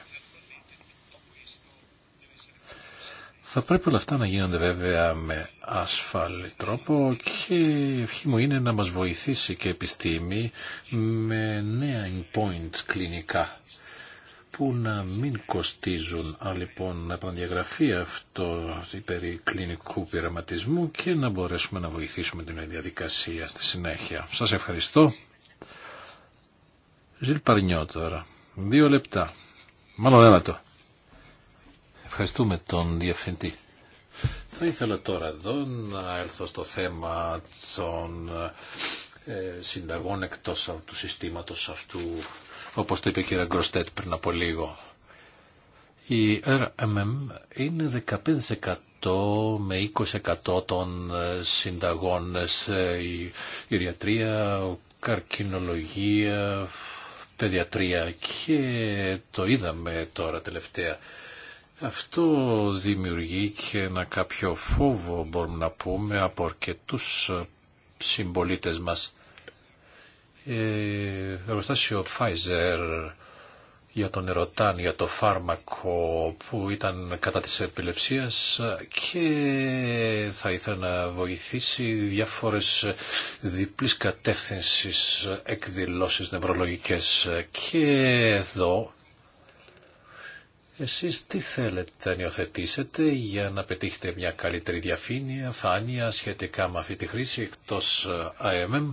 Θα πρέπει όλα αυτά να γίνονται βέβαια με ασφαλή τρόπο και η ευχή μου είναι να μας βοηθήσει και επιστήμη με νέα in-point κλινικά που να μην κοστίζουν. Α, λοιπόν, να επαναδιαγραφεί αυτό περί κλινικού πειραματισμού και να μπορέσουμε να βοηθήσουμε την διαδικασία στη συνέχεια. Σας ευχαριστώ. Ζηλ Παρνιό τώρα. Δύο λεπτά. Μάλλον ένα το. Ευχαριστούμε τον Διευθυντή. Θα ήθελα τώρα εδώ να έλθω στο θέμα των ε, συνταγών εκτός από του συστήματος αυτού όπως το είπε η κυρία Γκροστέτ πριν από λίγο. Η RMM είναι 15% με 20% των ε, συνταγών σε ηριατρία, καρκινολογία, παιδιατρία και το είδαμε τώρα τελευταία. Αυτό δημιουργεί και ένα κάποιο φόβο μπορούμε να πούμε από αρκετούς ε, συμπολίτες μας εργοστάσιο Pfizer για τον ερωτάν, για το φάρμακο που ήταν κατά της επιλεψίας και θα ήθελα να βοηθήσει διάφορες διπλής κατεύθυνσης εκδηλώσεις νευρολογικές και εδώ εσείς τι θέλετε να υιοθετήσετε για να πετύχετε μια καλύτερη διαφήνεια, φάνεια σχετικά με αυτή τη χρήση εκτός IMM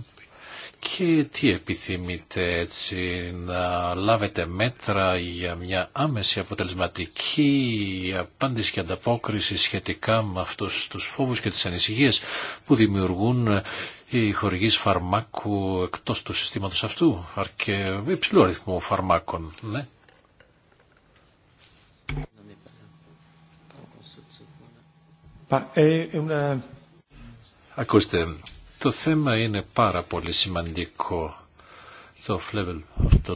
και τι επιθυμείτε έτσι να λάβετε μέτρα για μια άμεση αποτελεσματική απάντηση και ανταπόκριση σχετικά με αυτούς τους φόβους και τις ανησυχίες που δημιουργούν οι χορηγείς φαρμάκου εκτός του συστήματος αυτού αρκε... υψηλού αριθμού φαρμάκων. Ναι. Ακούστε, το θέμα είναι πάρα πολύ σημαντικό το φλεβελ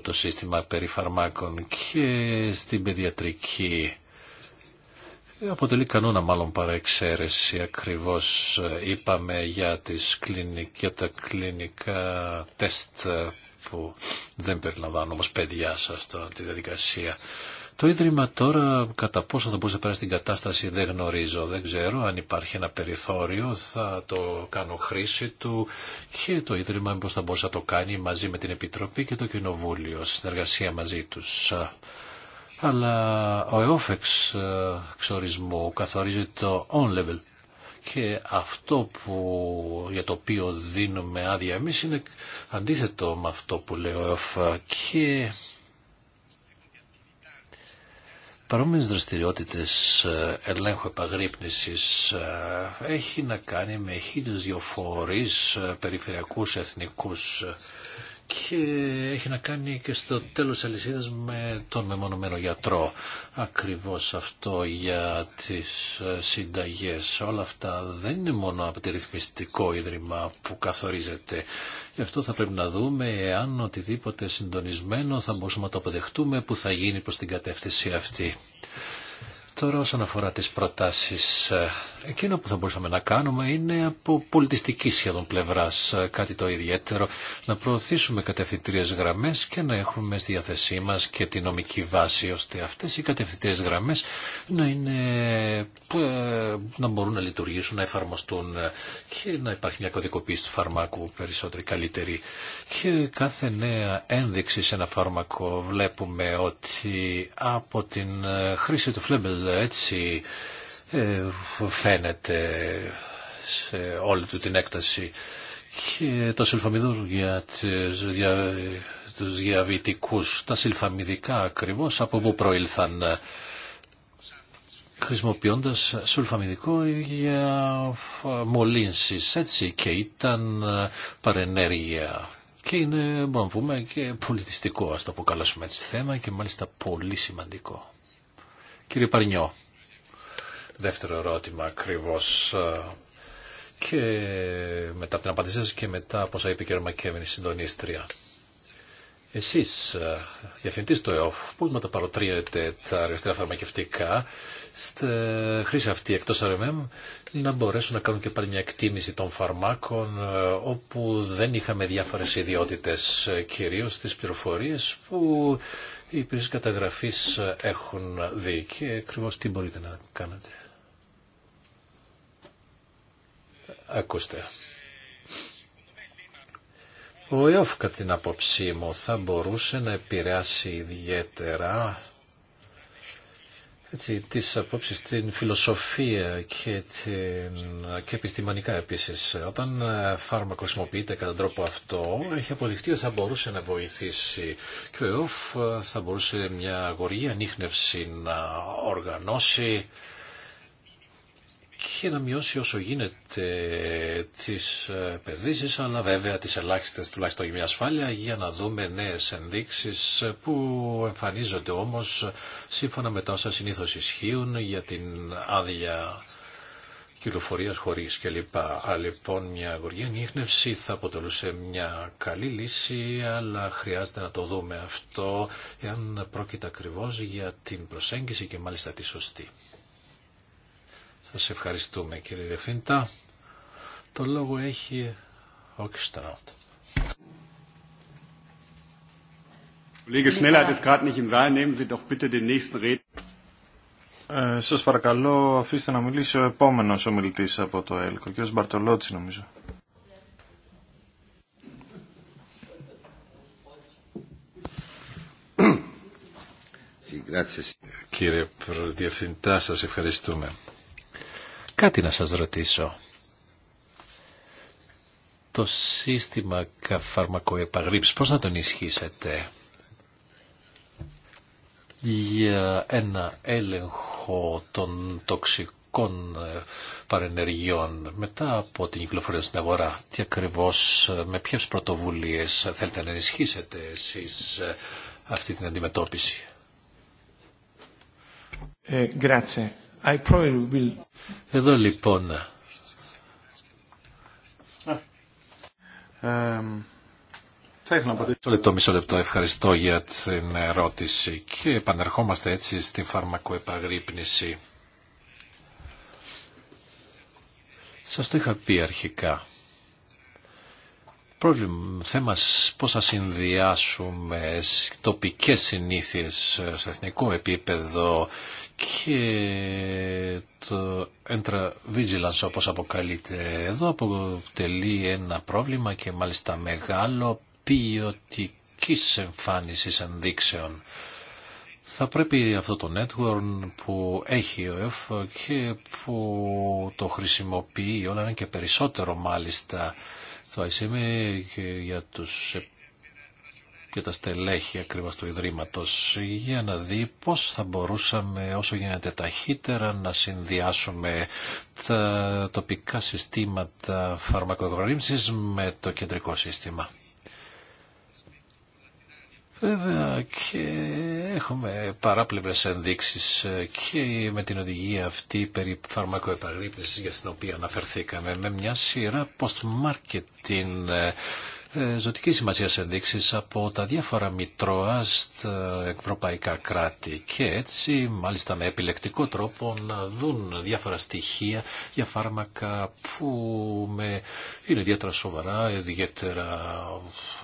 το σύστημα περί φαρμάκων και στην παιδιατρική αποτελεί κανόνα μάλλον παραεξαίρεση ακριβώς ε, είπαμε για, τις κλινικ, τα κλινικά τεστ που δεν περιλαμβάνουν όμως παιδιά σας τη διαδικασία. Το Ίδρυμα τώρα κατά πόσο θα μπορούσε να περάσει την κατάσταση δεν γνωρίζω, δεν ξέρω. Αν υπάρχει ένα περιθώριο θα το κάνω χρήση του και το Ίδρυμα μήπως θα μπορούσε να το κάνει μαζί με την Επιτροπή και το Κοινοβούλιο, στην συνεργασία μαζί τους. Αλλά ο ΕΟΦΕΞ ε, ξορισμού καθορίζει το on-level και αυτό που, για το οποίο δίνουμε άδεια εμείς είναι αντίθετο με αυτό που λέω και παρόμοιες δραστηριότητες ε, ελέγχου επαγρύπνησης ε, έχει να κάνει με χίλιες δυο φορείς ε, περιφερειακούς εθνικούς και έχει να κάνει και στο τέλος αλυσίδας με τον μεμονωμένο γιατρό. Ακριβώς αυτό για τις ε, συνταγές. Όλα αυτά δεν είναι μόνο από τη ρυθμιστικό ίδρυμα που καθορίζεται. Γι' αυτό θα πρέπει να δούμε εάν οτιδήποτε συντονισμένο θα μπορούσαμε να το αποδεχτούμε που θα γίνει προς την κατεύθυνση αυτή. Τώρα όσον αφορά τις προτάσεις, ε, εκείνο που θα μπορούσαμε να κάνουμε είναι από πολιτιστική σχεδόν πλευράς ε, κάτι το ιδιαίτερο, να προωθήσουμε κατευθυντήριες γραμμές και να έχουμε στη διάθεσή μας και τη νομική βάση, ώστε αυτές οι κατευθυντήριες γραμμές να, είναι, ε, να μπορούν να λειτουργήσουν, να εφαρμοστούν και να υπάρχει μια κωδικοποίηση του φαρμάκου περισσότερη καλύτερη. Και κάθε νέα ένδειξη σε ένα φάρμακο βλέπουμε ότι από την χρήση του φλέμπελ έτσι ε, φαίνεται σε όλη του την έκταση. Και το συλφαμιδούργια για, τους διαβητικούς, τα συλφαμιδικά ακριβώς από που προήλθαν ε, χρησιμοποιώντας σουλφαμιδικό για μολύνσεις, έτσι, και ήταν ε, παρενέργεια. Και είναι, μπορούμε να πούμε, και πολιτιστικό, ας το αποκαλέσουμε έτσι θέμα και μάλιστα πολύ σημαντικό. Κύριε Παρνιό, δεύτερο ερώτημα ακριβώ. Ε, και μετά από την απάντησή σα και μετά από όσα είπε η κυρία συντονίστρια. Εσείς, ε, διευθυντή του ΕΟΦ, που να τα παροτρύνετε τα αριστερά φαρμακευτικά στη χρήση αυτή εκτός RMM να μπορέσουν να κάνουν και πάλι μια εκτίμηση των φαρμάκων ε, όπου δεν είχαμε διάφορες ιδιότητες, ε, κυρίως τις πληροφορίες που οι υπηρεσίες καταγραφής έχουν δει και ακριβώ τι μπορείτε να κάνετε. Ακούστε. Ο ΕΟΦ κατά την απόψή μου θα μπορούσε να επηρεάσει ιδιαίτερα έτσι, τις απόψεις, την φιλοσοφία και, την, και επιστημονικά επίσης. Όταν ε, φάρμακο χρησιμοποιείται κατά τον τρόπο αυτό, έχει αποδειχτεί ότι θα μπορούσε να βοηθήσει και ο ΕΟΦ ε, θα μπορούσε μια αγοργή ανείχνευση να οργανώσει και να μειώσει όσο γίνεται τις ε, επενδύσεις, αλλά βέβαια τις ελάχιστες τουλάχιστον για μια ασφάλεια για να δούμε νέες ενδείξεις που εμφανίζονται όμως σύμφωνα με τα όσα συνήθως ισχύουν για την άδεια κυκλοφορία χωρί κλπ. Λοιπόν, μια αγοργή ανείχνευση θα αποτελούσε μια καλή λύση, αλλά χρειάζεται να το δούμε αυτό, εάν πρόκειται ακριβώ για την προσέγγιση και μάλιστα τη σωστή. Σας ευχαριστούμε κύριε Διευθύντα. Το λόγο έχει ο Κιστανότ. Ε, σας παρακαλώ αφήστε να μιλήσει ο επόμενος ομιλητής από το ΕΛΚΟ, ο κ. Μπαρτολότσι νομίζω. Κύριε Διευθυντά, σας ευχαριστούμε. Κάτι να σας ρωτήσω. Το σύστημα φαρμακοεπαγρύψης, πώς να τον ισχύσετε για ένα έλεγχο των τοξικών ε, παρενεργειών μετά από την κυκλοφορία στην αγορά. Τι ακριβώς, ε, με ποιες πρωτοβουλίες θέλετε να ενισχύσετε εσείς ε, αυτή την αντιμετώπιση. Ε, εδώ λοιπόν. θα ήθελα Μισό λεπτό, μισό λεπτό. Ευχαριστώ για την ερώτηση. Και επανερχόμαστε έτσι στην φαρμακοεπαγρύπνηση. Σας το είχα πει αρχικά πρόβλημα, θέμα πώς θα συνδυάσουμε τοπικές συνήθειες σε εθνικό επίπεδο και το entra vigilance όπως αποκαλείται εδώ αποτελεί ένα πρόβλημα και μάλιστα μεγάλο ποιοτική εμφάνιση ενδείξεων. Θα πρέπει αυτό το network που έχει ο ΕΦ και που το χρησιμοποιεί όλα και περισσότερο μάλιστα το ICM και για, τους, για τα στελέχη ακριβώς του Ιδρύματος για να δει πώς θα μπορούσαμε όσο γίνεται ταχύτερα να συνδυάσουμε τα τοπικά συστήματα φαρμακοκορύμψης με το κεντρικό σύστημα. Βέβαια και έχουμε παράπλευρες ενδείξεις ε, και με την οδηγία αυτή περί φαρμακοεπαγρύπνησης για την οποία αναφερθήκαμε με μια σειρά post-marketing ε, ε, ζωτική σημασία ενδείξει από τα διάφορα μητρώα στα ευρωπαϊκά κράτη και έτσι μάλιστα με επιλεκτικό τρόπο να δουν διάφορα στοιχεία για φάρμακα που με είναι ιδιαίτερα σοβαρά, ιδιαίτερα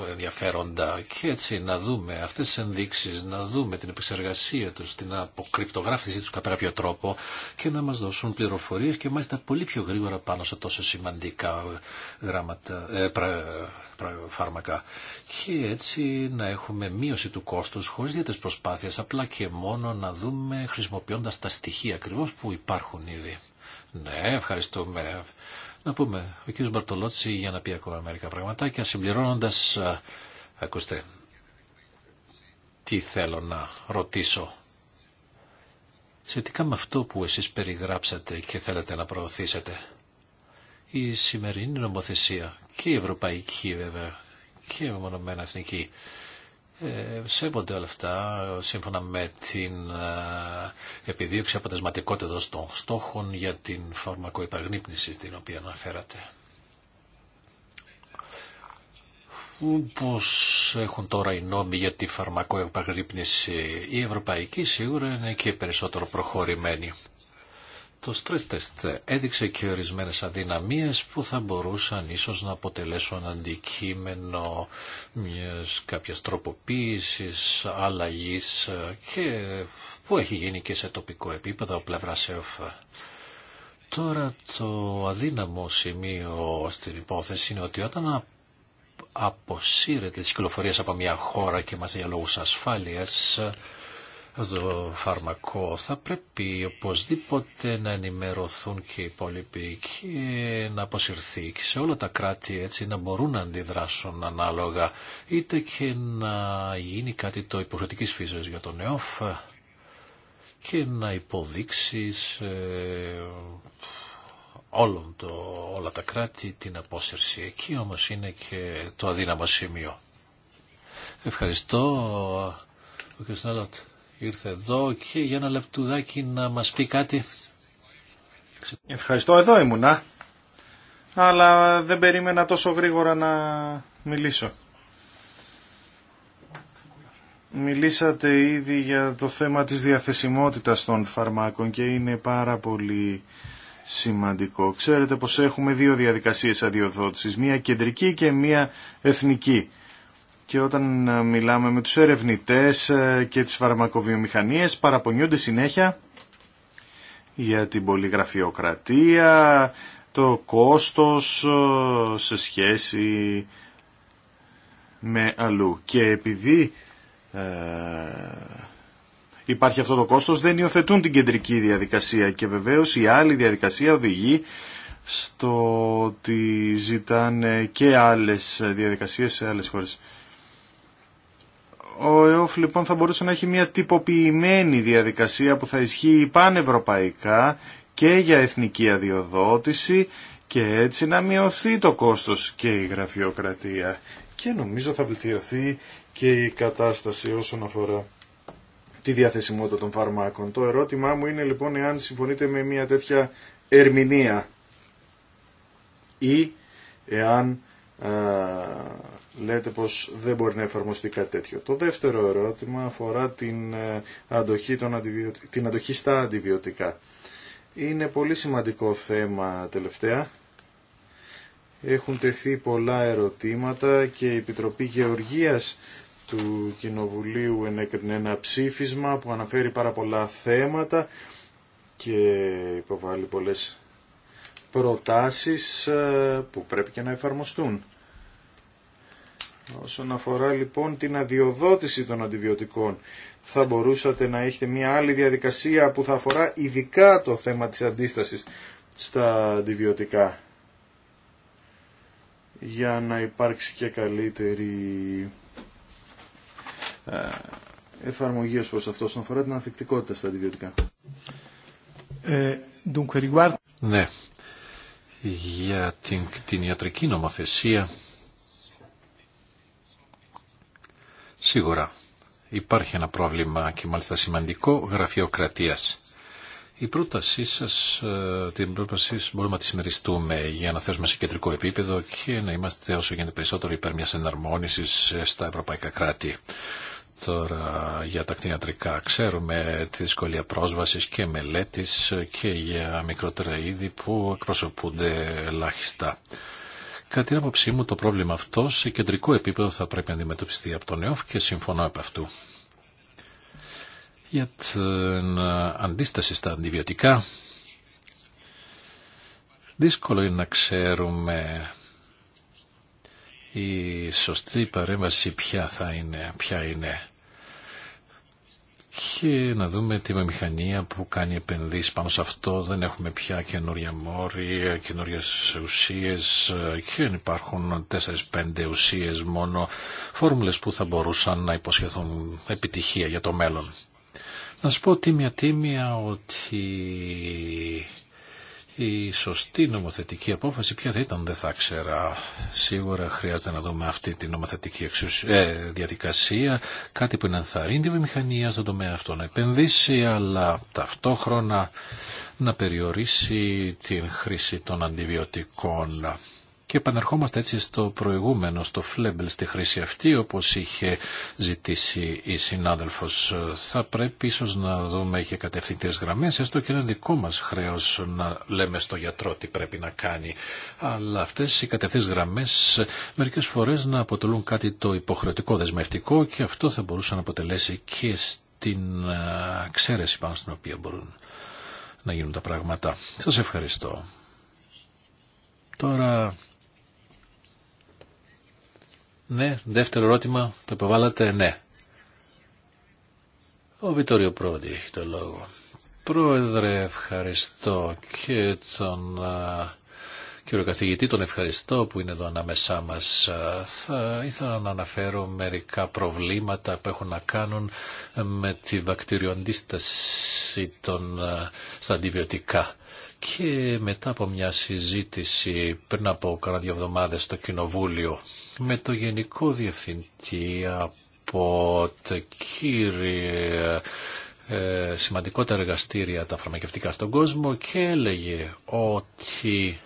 ενδιαφέροντα και έτσι να δούμε αυτές τις ενδείξεις, να δούμε την επεξεργασία του, την αποκρυπτογράφησή του κατά κάποιο τρόπο και να μα δώσουν πληροφορίε και μάλιστα πολύ πιο γρήγορα πάνω σε τόσο σημαντικά γράμματα, ε, φάρμακα και έτσι να έχουμε μείωση του κόστους χωρίς ιδιαίτερες προσπάθειες, απλά και μόνο να δούμε χρησιμοποιώντας τα στοιχεία ακριβώ που υπάρχουν ήδη. Ναι, ευχαριστούμε. Να πούμε, ο κ. Μπαρτολότσι για να πει ακόμα μερικά πραγματάκια, συμπληρώνοντας, ακούστε, τι θέλω να ρωτήσω. Σχετικά με αυτό που εσείς περιγράψατε και θέλετε να προωθήσετε η σημερινή νομοθεσία και η ευρωπαϊκή βέβαια και η μονομένα εθνική ε, σέβονται όλα αυτά σύμφωνα με την ε, επιδίωξη αποτελεσματικότητα των στόχων για την φαρμακοϊπαγνύπνηση την οποία αναφέρατε. Όπω έχουν τώρα οι νόμοι για τη φαρμακοεπαγρύπνηση, η ευρωπαϊκή σίγουρα είναι και περισσότερο προχωρημένη το stress test έδειξε και ορισμένες αδυναμίες που θα μπορούσαν ίσως να αποτελέσουν αντικείμενο μιας κάποιας τροποποίησης, αλλαγής και που έχει γίνει και σε τοπικό επίπεδο ο πλευρά ΕΟΦ. Τώρα το αδύναμο σημείο στην υπόθεση είναι ότι όταν αποσύρεται τις κυκλοφορίες από μια χώρα και μας για λόγους ασφάλειας το φαρμακό θα πρέπει οπωσδήποτε να ενημερωθούν και οι υπόλοιποι και να αποσυρθεί και σε όλα τα κράτη έτσι να μπορούν να αντιδράσουν ανάλογα είτε και να γίνει κάτι το υποχρεωτικής φύσης για τον ΕΟΦ και να υποδείξεις ε, όλων το, όλα τα κράτη την απόσυρση. Εκεί όμως είναι και το αδύναμο σημείο. Ευχαριστώ. Ο κ ήρθε εδώ και για ένα λεπτουδάκι να μας πει κάτι. Ευχαριστώ, εδώ ήμουνα, αλλά δεν περίμενα τόσο γρήγορα να μιλήσω. Μιλήσατε ήδη για το θέμα της διαθεσιμότητας των φαρμάκων και είναι πάρα πολύ σημαντικό. Ξέρετε πως έχουμε δύο διαδικασίες αδειοδότησης, μία κεντρική και μία εθνική και όταν ε, μιλάμε με τους ερευνητές ε, και τις φαρμακοβιομηχανίες παραπονιούνται συνέχεια για την πολυγραφειοκρατία, το κόστος ε, σε σχέση με αλλού. Και επειδή υπάρχει αυτό το κόστος δεν υιοθετούν την κεντρική διαδικασία και βεβαίως η άλλη διαδικασία οδηγεί στο ότι ζητάνε και άλλες διαδικασίες σε άλλες χώρες. Ο ΕΟΦ λοιπόν θα μπορούσε να έχει μια τυποποιημένη διαδικασία που θα ισχύει πανευρωπαϊκά και για εθνική αδειοδότηση και έτσι να μειωθεί το κόστος και η γραφειοκρατία. Και νομίζω θα βελτιωθεί και η κατάσταση όσον αφορά τη διαθεσιμότητα των φαρμάκων. Το ερώτημά μου είναι λοιπόν εάν συμφωνείτε με μια τέτοια ερμηνεία ή εάν λέτε πως δεν μπορεί να εφαρμοστεί κάτι τέτοιο. Το δεύτερο ερώτημα αφορά την ε, αντοχή, την αντοχή στα αντιβιωτικά. Είναι πολύ σημαντικό θέμα τελευταία. Έχουν τεθεί πολλά ερωτήματα και η Επιτροπή Γεωργίας του Κοινοβουλίου ενέκρινε ένα ψήφισμα που αναφέρει πάρα πολλά θέματα και υποβάλλει πολλές προτάσεις ε, που πρέπει και να εφαρμοστούν. Όσον αφορά λοιπόν την αδειοδότηση των αντιβιωτικών, θα μπορούσατε να έχετε μια άλλη διαδικασία που θα αφορά ειδικά το θέμα της αντίστασης στα αντιβιωτικά για να υπάρξει και καλύτερη ε, εφαρμογή ως προς αυτό όσον αφορά την ανθεκτικότητα στα αντιβιωτικά. Ε, ναι, για την, την ιατρική νομοθεσία Σίγουρα υπάρχει ένα πρόβλημα και μάλιστα σημαντικό γραφειοκρατίας. Η πρότασή σας, ε, την πρότασή σα μπορούμε να τη συμμεριστούμε για να θέσουμε σε κεντρικό επίπεδο και να είμαστε όσο γίνεται περισσότερο υπέρ μια εναρμόνιση στα ευρωπαϊκά κράτη. Τώρα για τα κτηνιατρικά ξέρουμε τη δυσκολία πρόσβασης και μελέτης και για μικρότερα είδη που εκπροσωπούνται ελάχιστα. Κατά την άποψή μου το πρόβλημα αυτό σε κεντρικό επίπεδο θα πρέπει να αντιμετωπιστεί από τον ΕΟΦ και συμφωνώ από αυτού. Για την αντίσταση στα αντιβιωτικά, δύσκολο είναι να ξέρουμε η σωστή παρέμβαση ποια θα είναι, ποια είναι και να δούμε τη μηχανία που κάνει επενδύσεις πάνω σε αυτό. Δεν έχουμε πια καινούρια μόρια, καινούριε ουσίε και υπάρχουν 4-5 ουσίες μόνο, φόρμουλες που θα μπορούσαν να υποσχεθούν επιτυχία για το μέλλον. Να σα πω τίμια τίμια ότι η σωστή νομοθετική απόφαση ποια θα ήταν δεν θα ξέρα. Σίγουρα χρειάζεται να δούμε αυτή τη νομοθετική ε, διαδικασία, κάτι που ενθαρρύνει τη βιομηχανία στον τομέα αυτό να επενδύσει, αλλά ταυτόχρονα να περιορίσει την χρήση των αντιβιωτικών. Και επαναρχόμαστε έτσι στο προηγούμενο, στο φλέμπελ, στη χρήση αυτή, όπως είχε ζητήσει η συνάδελφος. Θα πρέπει ίσως να δούμε και κατευθυντές γραμμές, έστω και ένα δικό μας χρέος να λέμε στο γιατρό τι πρέπει να κάνει. Αλλά αυτές οι κατευθυντές γραμμές μερικές φορές να αποτελούν κάτι το υποχρεωτικό δεσμευτικό και αυτό θα μπορούσε να αποτελέσει και στην ξέρεση πάνω στην οποία μπορούν να γίνουν τα πράγματα. Σας ευχαριστώ. Τώρα ναι. Δεύτερο ερώτημα το υποβάλλατε. Ναι. Ο Βιτόριο Πρόεδρε έχει το λόγο. Πρόεδρε, ευχαριστώ και τον κύριο καθηγητή, τον ευχαριστώ που είναι εδώ ανάμεσά μας. Θα ήθελα να αναφέρω μερικά προβλήματα που έχουν να κάνουν με τη βακτηριοαντίσταση των, στα αντιβιωτικά. Και μετά από μια συζήτηση πριν από κάνα δύο εβδομάδες στο Κοινοβούλιο με το Γενικό Διευθυντή από τα κύριε ε, σημαντικότερα εργαστήρια τα φαρμακευτικά στον κόσμο και έλεγε ότι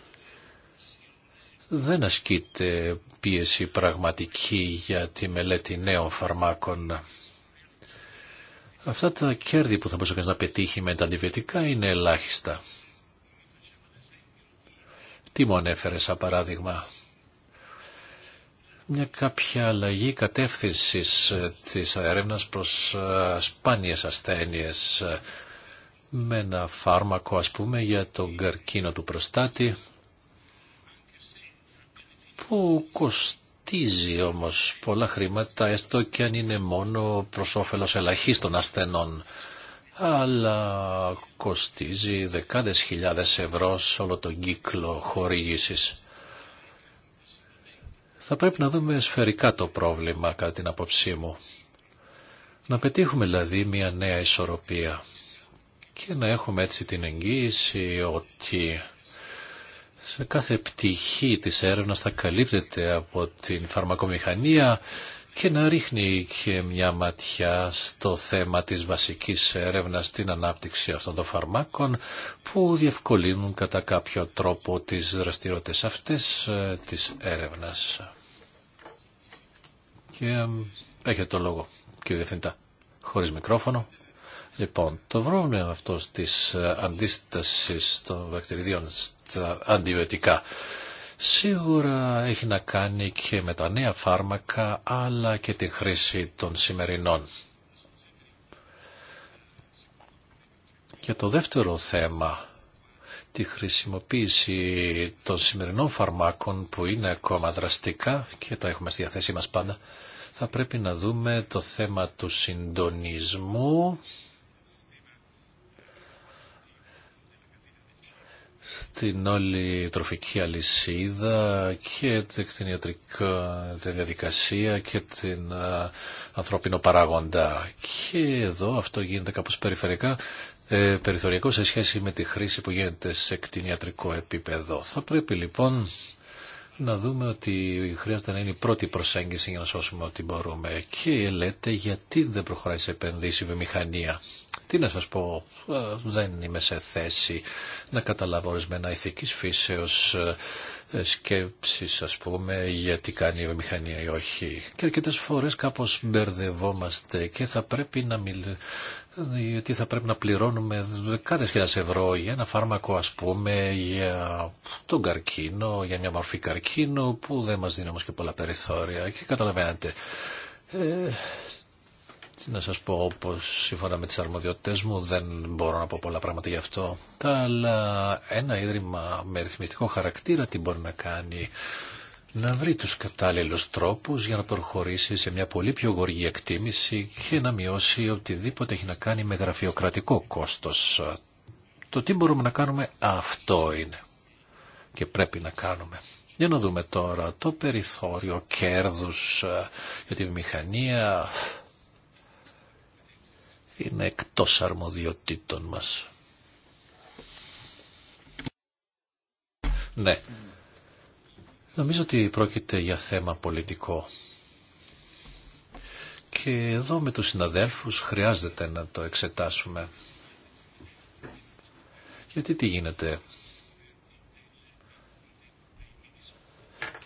δεν ασκείται πίεση πραγματική για τη μελέτη νέων φαρμάκων. Αυτά τα κέρδη που θα μπορούσε να πετύχει με τα αντιβιωτικά είναι ελάχιστα. Τι μου ανέφερε σαν παράδειγμα μια κάποια αλλαγή κατεύθυνσης ε, της έρευνας προς ε, σπάνιες ασθένειες ε, με ένα φάρμακο ας πούμε για τον καρκίνο του προστάτη που κοστίζει όμως πολλά χρήματα έστω και αν είναι μόνο προς όφελος ελαχίστων ασθενών αλλά κοστίζει δεκάδες χιλιάδες ευρώ σε όλο τον κύκλο χορήγησης. Θα πρέπει να δούμε σφαιρικά το πρόβλημα κατά την απόψή μου. Να πετύχουμε δηλαδή μια νέα ισορροπία και να έχουμε έτσι την εγγύηση ότι σε κάθε πτυχή της έρευνας θα καλύπτεται από την φαρμακομηχανία και να ρίχνει και μια ματιά στο θέμα της βασικής έρευνας στην ανάπτυξη αυτών των φαρμάκων που διευκολύνουν κατά κάποιο τρόπο τις δραστηριότητες αυτές ε, της έρευνας. Και ε, έχετε το λόγο κύριε Διευθυντά, χωρίς μικρόφωνο. Λοιπόν, το πρόβλημα αυτό της ε, αντίστασης των βακτηριδίων στα αντιβιωτικά σίγουρα έχει να κάνει και με τα νέα φάρμακα αλλά και τη χρήση των σημερινών. Και το δεύτερο θέμα, τη χρησιμοποίηση των σημερινών φαρμάκων που είναι ακόμα δραστικά και τα έχουμε στη διαθέσή μας πάντα, θα πρέπει να δούμε το θέμα του συντονισμού στην όλη τροφική αλυσίδα και την ιατρική τη διαδικασία και την ανθρώπινο παράγοντα. Και εδώ αυτό γίνεται κάπως περιφερειακά, ε, περιθωριακό σε σχέση με τη χρήση που γίνεται σε κτηνιατρικό επίπεδο. Θα πρέπει λοιπόν να δούμε ότι χρειάζεται να είναι η πρώτη προσέγγιση για να σώσουμε ό,τι μπορούμε. Και λέτε γιατί δεν προχωράει σε επενδύσει η βιομηχανία. Τι να σας πω, ε, δεν είμαι σε θέση να καταλάβω ορισμένα ηθικής φύσεως ε, σκέψη, ας πούμε γιατί κάνει η βιομηχανία ή όχι. Και αρκετές φορές κάπως μπερδευόμαστε και θα πρέπει να, μιλήσουμε γιατί θα πρέπει να πληρώνουμε δεκάδες χιλιάδες ευρώ για ένα φάρμακο ας πούμε για τον καρκίνο, για μια μορφή καρκίνου που δεν μας δίνει όμως και πολλά περιθώρια και καταλαβαίνετε ε, να σας πω όπως σύμφωνα με τις αρμοδιότητες μου δεν μπορώ να πω πολλά πράγματα γι' αυτό αλλά ένα ίδρυμα με ρυθμιστικό χαρακτήρα τι μπορεί να κάνει να βρει τους κατάλληλους τρόπους για να προχωρήσει σε μια πολύ πιο γοργή εκτίμηση και να μειώσει οτιδήποτε έχει να κάνει με γραφειοκρατικό κόστος. Το τι μπορούμε να κάνουμε αυτό είναι και πρέπει να κάνουμε. Για να δούμε τώρα το περιθώριο κέρδους για τη μηχανία είναι εκτός αρμοδιοτήτων μας. Ναι. Νομίζω ότι πρόκειται για θέμα πολιτικό. Και εδώ με τους συναδέλφους χρειάζεται να το εξετάσουμε. Γιατί τι γίνεται.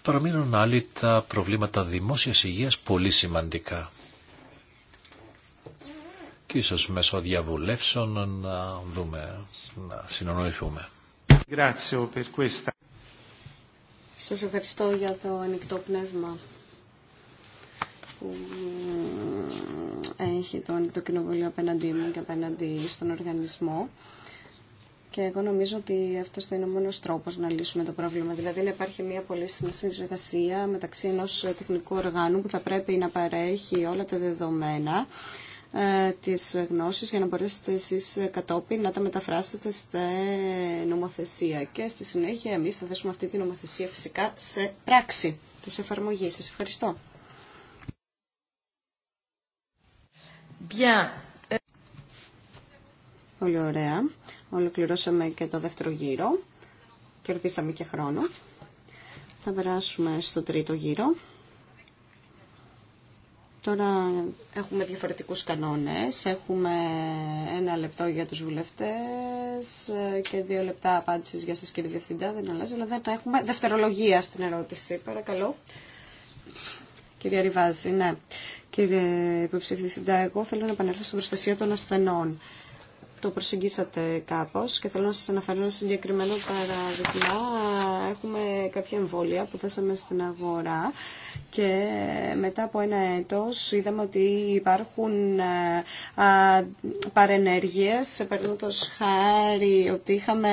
Παραμείνουν άλλοι τα προβλήματα δημόσιας υγείας πολύ σημαντικά. Και ίσως μέσω διαβουλεύσεων να δούμε, να συνονοηθούμε. Σας ευχαριστώ για το ανοιχτό πνεύμα που έχει το ανοιχτό κοινοβούλιο απέναντί μου και απέναντι στον οργανισμό. Και εγώ νομίζω ότι αυτό είναι ο μόνο τρόπο να λύσουμε το πρόβλημα. Δηλαδή να υπάρχει μια πολύ συνεργασία μεταξύ ενό τεχνικού οργάνου που θα πρέπει να παρέχει όλα τα δεδομένα ε, τις γνώσεις για να μπορέσετε εσείς κατόπιν να τα μεταφράσετε στη νομοθεσία και στη συνέχεια εμείς θα θέσουμε αυτή τη νομοθεσία φυσικά σε πράξη και σε εφαρμογή. Σας ευχαριστώ. Bien. Πολύ ωραία. Ολοκληρώσαμε και το δεύτερο γύρο. Κερδίσαμε και χρόνο. Θα περάσουμε στο τρίτο γύρο. Τώρα έχουμε διαφορετικούς κανόνες. Έχουμε ένα λεπτό για τους βουλευτές και δύο λεπτά απάντησης για σας κύριε Διευθυντά. Δεν αλλάζει, αλλά δεν έχουμε δευτερολογία στην ερώτηση. Παρακαλώ. Κυρία Ριβάζη, ναι. Κύριε Υποψήφι εγώ θέλω να επανέλθω στην προστασία των ασθενών. Το προσεγγίσατε κάπως και θέλω να σας αναφέρω ένα συγκεκριμένο παράδειγμα έχουμε κάποια εμβόλια που θέσαμε στην αγορά και μετά από ένα έτος είδαμε ότι υπάρχουν ε, παρενέργειες. Σε χάρη ότι είχαμε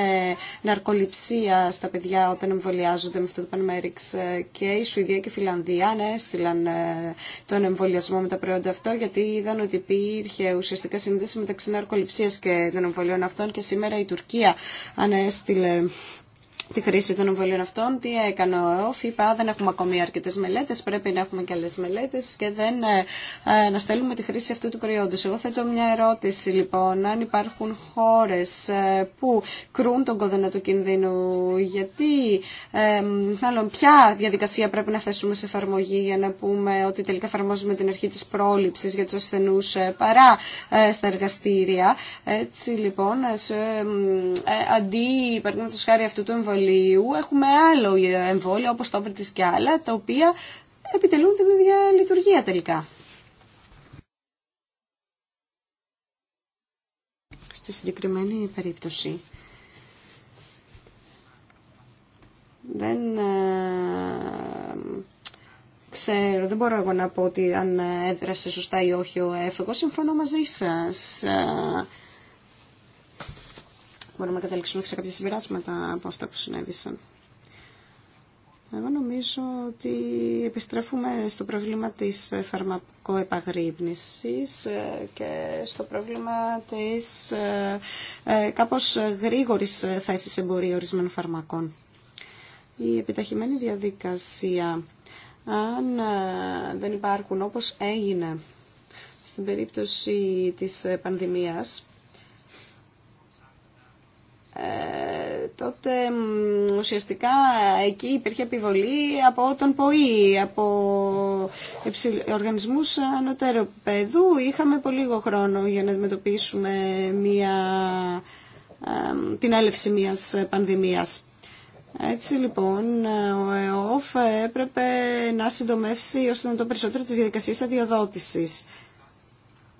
ναρκοληψία στα παιδιά όταν εμβολιάζονται με αυτό το Πανμέριξ ε, και η Σουηδία και η Φιλανδία ναι, έστειλαν ε, τον εμβολιασμό με τα προϊόντα αυτό γιατί είδαν ότι υπήρχε ουσιαστικά σύνδεση μεταξύ ναρκοληψίας και των εμβολίων αυτών και σήμερα η Τουρκία ανέστειλε τη χρήση των εμβολίων αυτών. Τι έκανε ο ΕΟΦ, δεν έχουμε ακόμη αρκετέ μελέτε, πρέπει να έχουμε και άλλε μελέτε και δεν ε, ε, να στέλνουμε τη χρήση αυτού του προϊόντο. Εγώ θέτω μια ερώτηση λοιπόν, αν υπάρχουν χώρε ε, που κρούν τον κόδωνα του κινδύνου, γιατί, ε, μάλλον, ποια διαδικασία πρέπει να θέσουμε σε εφαρμογή για να πούμε ότι τελικά εφαρμόζουμε την αρχή τη πρόληψη για του ασθενού παρά ε, στα εργαστήρια. Έτσι λοιπόν, ε, ε, αντί, παραδείγματο χάρη αυτού του εμβολίου, εμβολίου έχουμε άλλο εμβόλιο όπως το έπρεπε και άλλα τα οποία επιτελούν την ίδια λειτουργία τελικά. Στη συγκεκριμένη περίπτωση δεν ε, ξέρω, δεν μπορώ εγώ να πω ότι αν έδρασε σωστά ή όχι ο έφεγος, συμφωνώ μαζί σας. Ε, μπορούμε να καταλήξουμε σε κάποια συμπεράσματα από αυτά που συνέβησαν. Εγώ νομίζω ότι επιστρέφουμε στο πρόβλημα της φαρμακοεπαγρύπνησης ε, και στο πρόβλημα της ε, ε, κάπως γρήγορης θέσης εμπορία ορισμένων φαρμακών. Η επιταχυμένη διαδικασία, αν δεν υπάρχουν όπως έγινε στην περίπτωση της πανδημίας, ε, τότε ουσιαστικά εκεί υπήρχε επιβολή από τον ΠΟΗ, από οργανισμούς ανωτέρου παιδού. Είχαμε πολύ λίγο χρόνο για να αντιμετωπίσουμε μια, την έλευση μιας πανδημίας. Έτσι λοιπόν, ο ΕΟΦ έπρεπε να συντομεύσει ώστε να το περισσότερο της διαδικασίας αδειοδότησης.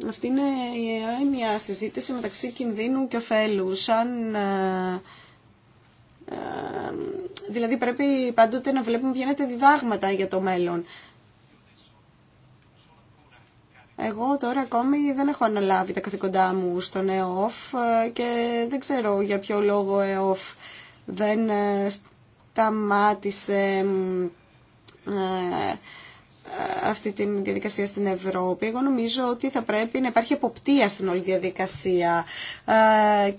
Αυτή είναι μια συζήτηση μεταξύ κινδύνου και ωφέλου. Ε, ε, δηλαδή πρέπει πάντοτε να βλέπουμε ποια είναι τα διδάγματα για το μέλλον. Εγώ τώρα ακόμη δεν έχω αναλάβει τα καθήκοντά μου στον ΕΟΦ ε, και δεν ξέρω για ποιο λόγο ΕΟΦ δεν σταμάτησε αυτή τη διαδικασία στην Ευρώπη. Εγώ νομίζω ότι θα πρέπει να υπάρχει εποπτεία στην όλη διαδικασία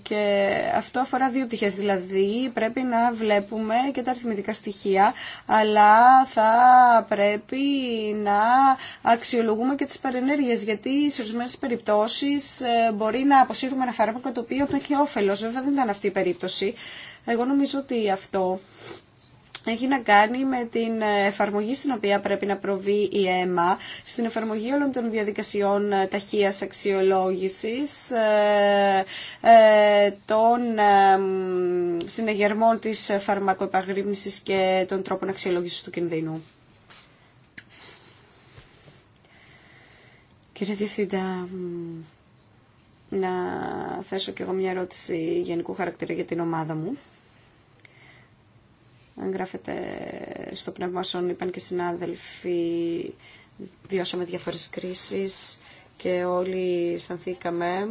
και αυτό αφορά δύο πτυχές. Δηλαδή πρέπει να βλέπουμε και τα αριθμητικά στοιχεία αλλά θα πρέπει να αξιολογούμε και τις παρενέργειες γιατί σε ορισμένε περιπτώσεις ε, μπορεί να αποσύρουμε ένα φάρμακο το οποίο έχει όφελος. Βέβαια δεν ήταν αυτή η περίπτωση. Εγώ νομίζω ότι αυτό έχει να κάνει με την εφαρμογή στην οποία πρέπει να προβεί η αίμα, στην εφαρμογή όλων των διαδικασιών ε, ταχείας αξιολόγησης, ε, ε, των συνεγερμών της φαρμακοεπαγρύπνησης και των τρόπων αξιολόγησης του κινδύνου. Κύριε Διευθύντα, να θέσω κι εγώ μια ερώτηση γενικού χαρακτήρα για την ομάδα μου. Γράφετε στο πνεύμα όσων είπαν και συνάδελφοι, βιώσαμε διάφορες κρίσεις και όλοι αισθανθήκαμε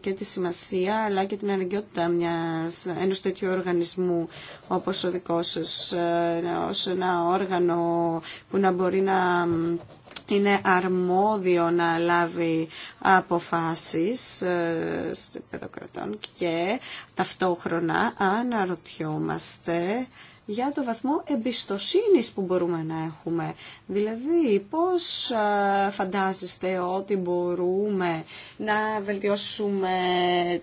και τη σημασία αλλά και την αναγκαιότητα μιας, ενός τέτοιου οργανισμού όπως ο δικός σας, ε, ως ένα όργανο που να μπορεί να είναι αρμόδιο να λάβει αποφάσεις ε, στην παιδοκρατών και ταυτόχρονα αναρωτιόμαστε για το βαθμό εμπιστοσύνης που μπορούμε να έχουμε. Δηλαδή, πώς ε, φαντάζεστε ότι μπορούμε να βελτιώσουμε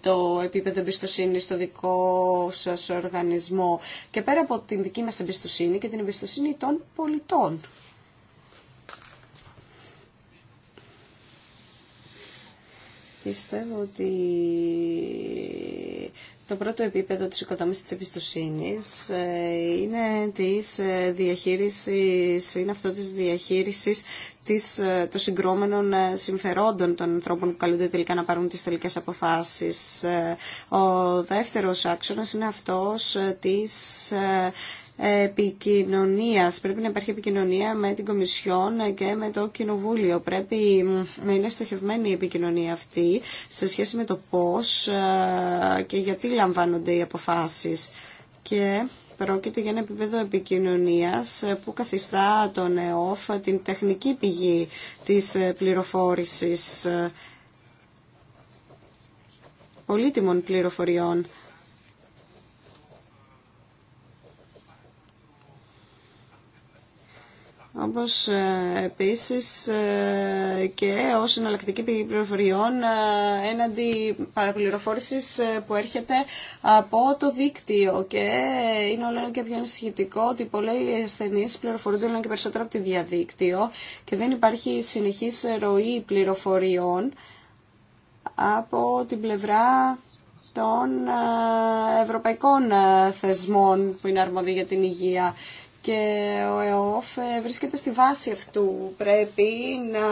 το επίπεδο εμπιστοσύνης στο δικό σας οργανισμό και πέρα από την δική μας εμπιστοσύνη και την εμπιστοσύνη των πολιτών. πιστεύω ότι το πρώτο επίπεδο της οικοδομής της εμπιστοσύνης ε, είναι της ε, διαχείρισης, είναι αυτό της διαχείρισης της, ε, των συγκρόμενων συμφερόντων των ανθρώπων που καλούνται τελικά να πάρουν τις τελικές αποφάσεις. Ο δεύτερος άξονας είναι αυτός της επικοινωνίας. Πρέπει να υπάρχει επικοινωνία με την Κομισιόν και με το Κοινοβούλιο. Πρέπει να είναι στοχευμένη η επικοινωνία αυτή σε σχέση με το πώς ε, και γιατί λαμβάνονται οι αποφάσεις. Και πρόκειται για ένα επίπεδο επικοινωνίας που καθιστά τον ΕΟΦ την τεχνική πηγή της πληροφόρησης ε, πολύτιμων πληροφοριών. όπως ε, επίσης ε, και ως συναλλακτική πληροφοριών ε, έναντι παραπληροφόρησης που έρχεται από το δίκτυο και είναι όλο και πιο ενισχυτικό ότι πολλοί ασθενείς πληροφορούνται όλο και περισσότερο από τη διαδίκτυο και δεν υπάρχει συνεχής ροή πληροφοριών από την πλευρά των ευρωπαϊκών θεσμών που είναι αρμόδιοι για την υγεία και ο ΕΟΦ ε, βρίσκεται στη βάση αυτού. Πρέπει να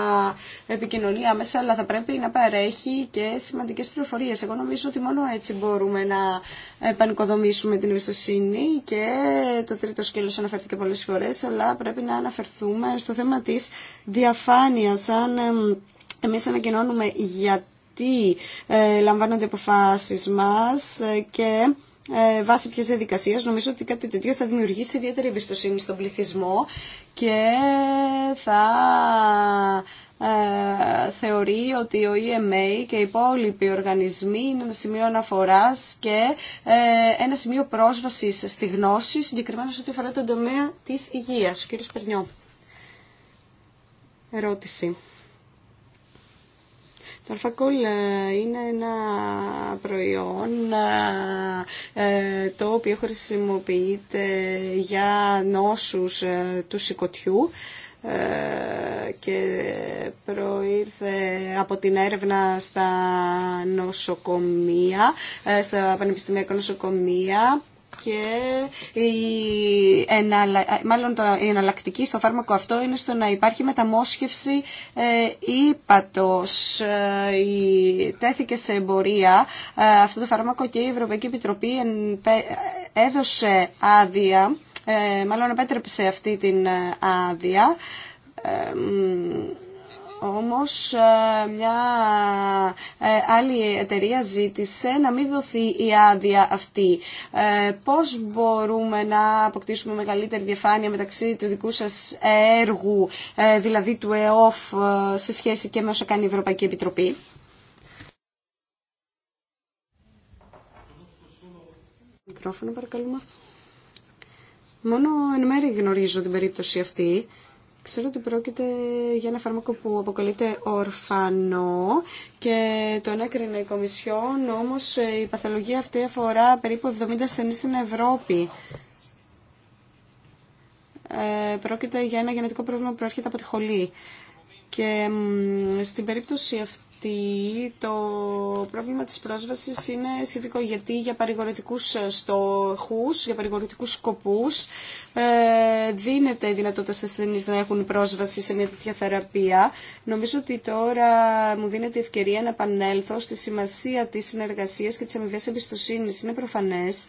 επικοινωνεί άμεσα, αλλά θα πρέπει να παρέχει και σημαντικές πληροφορίε. Εγώ νομίζω ότι μόνο έτσι μπορούμε να πανικοδομήσουμε την εμπιστοσύνη και το τρίτο σκέλος αναφέρθηκε πολλές φορές, αλλά πρέπει να αναφερθούμε στο θέμα της διαφάνειας. Αν εμεί ανακοινώνουμε γιατί ε, λαμβάνονται οι μα ε, και ε, βάσει ποιες διαδικασίες. Νομίζω ότι κάτι τέτοιο θα δημιουργήσει ιδιαίτερη εμπιστοσύνη στον πληθυσμό και θα ε, θεωρεί ότι ο EMA και οι υπόλοιποι οργανισμοί είναι ένα σημείο αναφοράς και ε, ένα σημείο πρόσβασης στη γνώση, συγκεκριμένα σε ό,τι αφορά τον τομέα της υγείας. Κύριε κύριος Περνιό. Ερώτηση. Το αλφακόλ ε, είναι ένα προϊόν ε, ε, το οποίο χρησιμοποιείται για νόσους του σηκωτιού και προήρθε από την έρευνα στα νοσοκομεία, στα πανεπιστημιακά νοσοκομεία και η, μάλλον το... η εναλλακτική στο φάρμακο αυτό είναι στο να υπάρχει μεταμόσχευση ε, ύπατος. Ε, η... τέθηκε σε εμπορία ε, αυτό το φάρμακο και η Ευρωπαϊκή Επιτροπή έδωσε άδεια, ε, μάλλον επέτρεψε αυτή την άδεια όμως ε, μια ε, άλλη εταιρεία ζήτησε να μην δοθεί η άδεια αυτή. Ε, πώς μπορούμε να αποκτήσουμε μεγαλύτερη διαφάνεια μεταξύ του δικού σας έργου, δηλαδή του ΕΟΦ, σε σχέση και με όσα κάνει η Ευρωπαϊκή Επιτροπή. Μικρόφωνο παρακαλούμε. Μόνο εν μέρει γνωρίζω την περίπτωση αυτή. Ξέρω ότι πρόκειται για ένα φάρμακο που αποκαλείται ορφανό και το ανέκρινε η Κομισιόν, όμως η παθολογία αυτή αφορά περίπου 70 ασθενείς στην Ευρώπη. Ε, πρόκειται για ένα γενετικό πρόβλημα που προέρχεται από τη χολή. Και στην περίπτωση αυτή το πρόβλημα της πρόσβασης είναι σχετικό γιατί για παρηγορητικούς στόχους, για παρηγορητικούς σκοπούς ε, δίνεται η δυνατότητα σε ασθενείς να έχουν πρόσβαση σε μια τέτοια θεραπεία. Νομίζω ότι τώρα μου δίνεται η ευκαιρία να επανέλθω στη σημασία της συνεργασίας και της αμοιβές εμπιστοσύνη. Είναι προφανές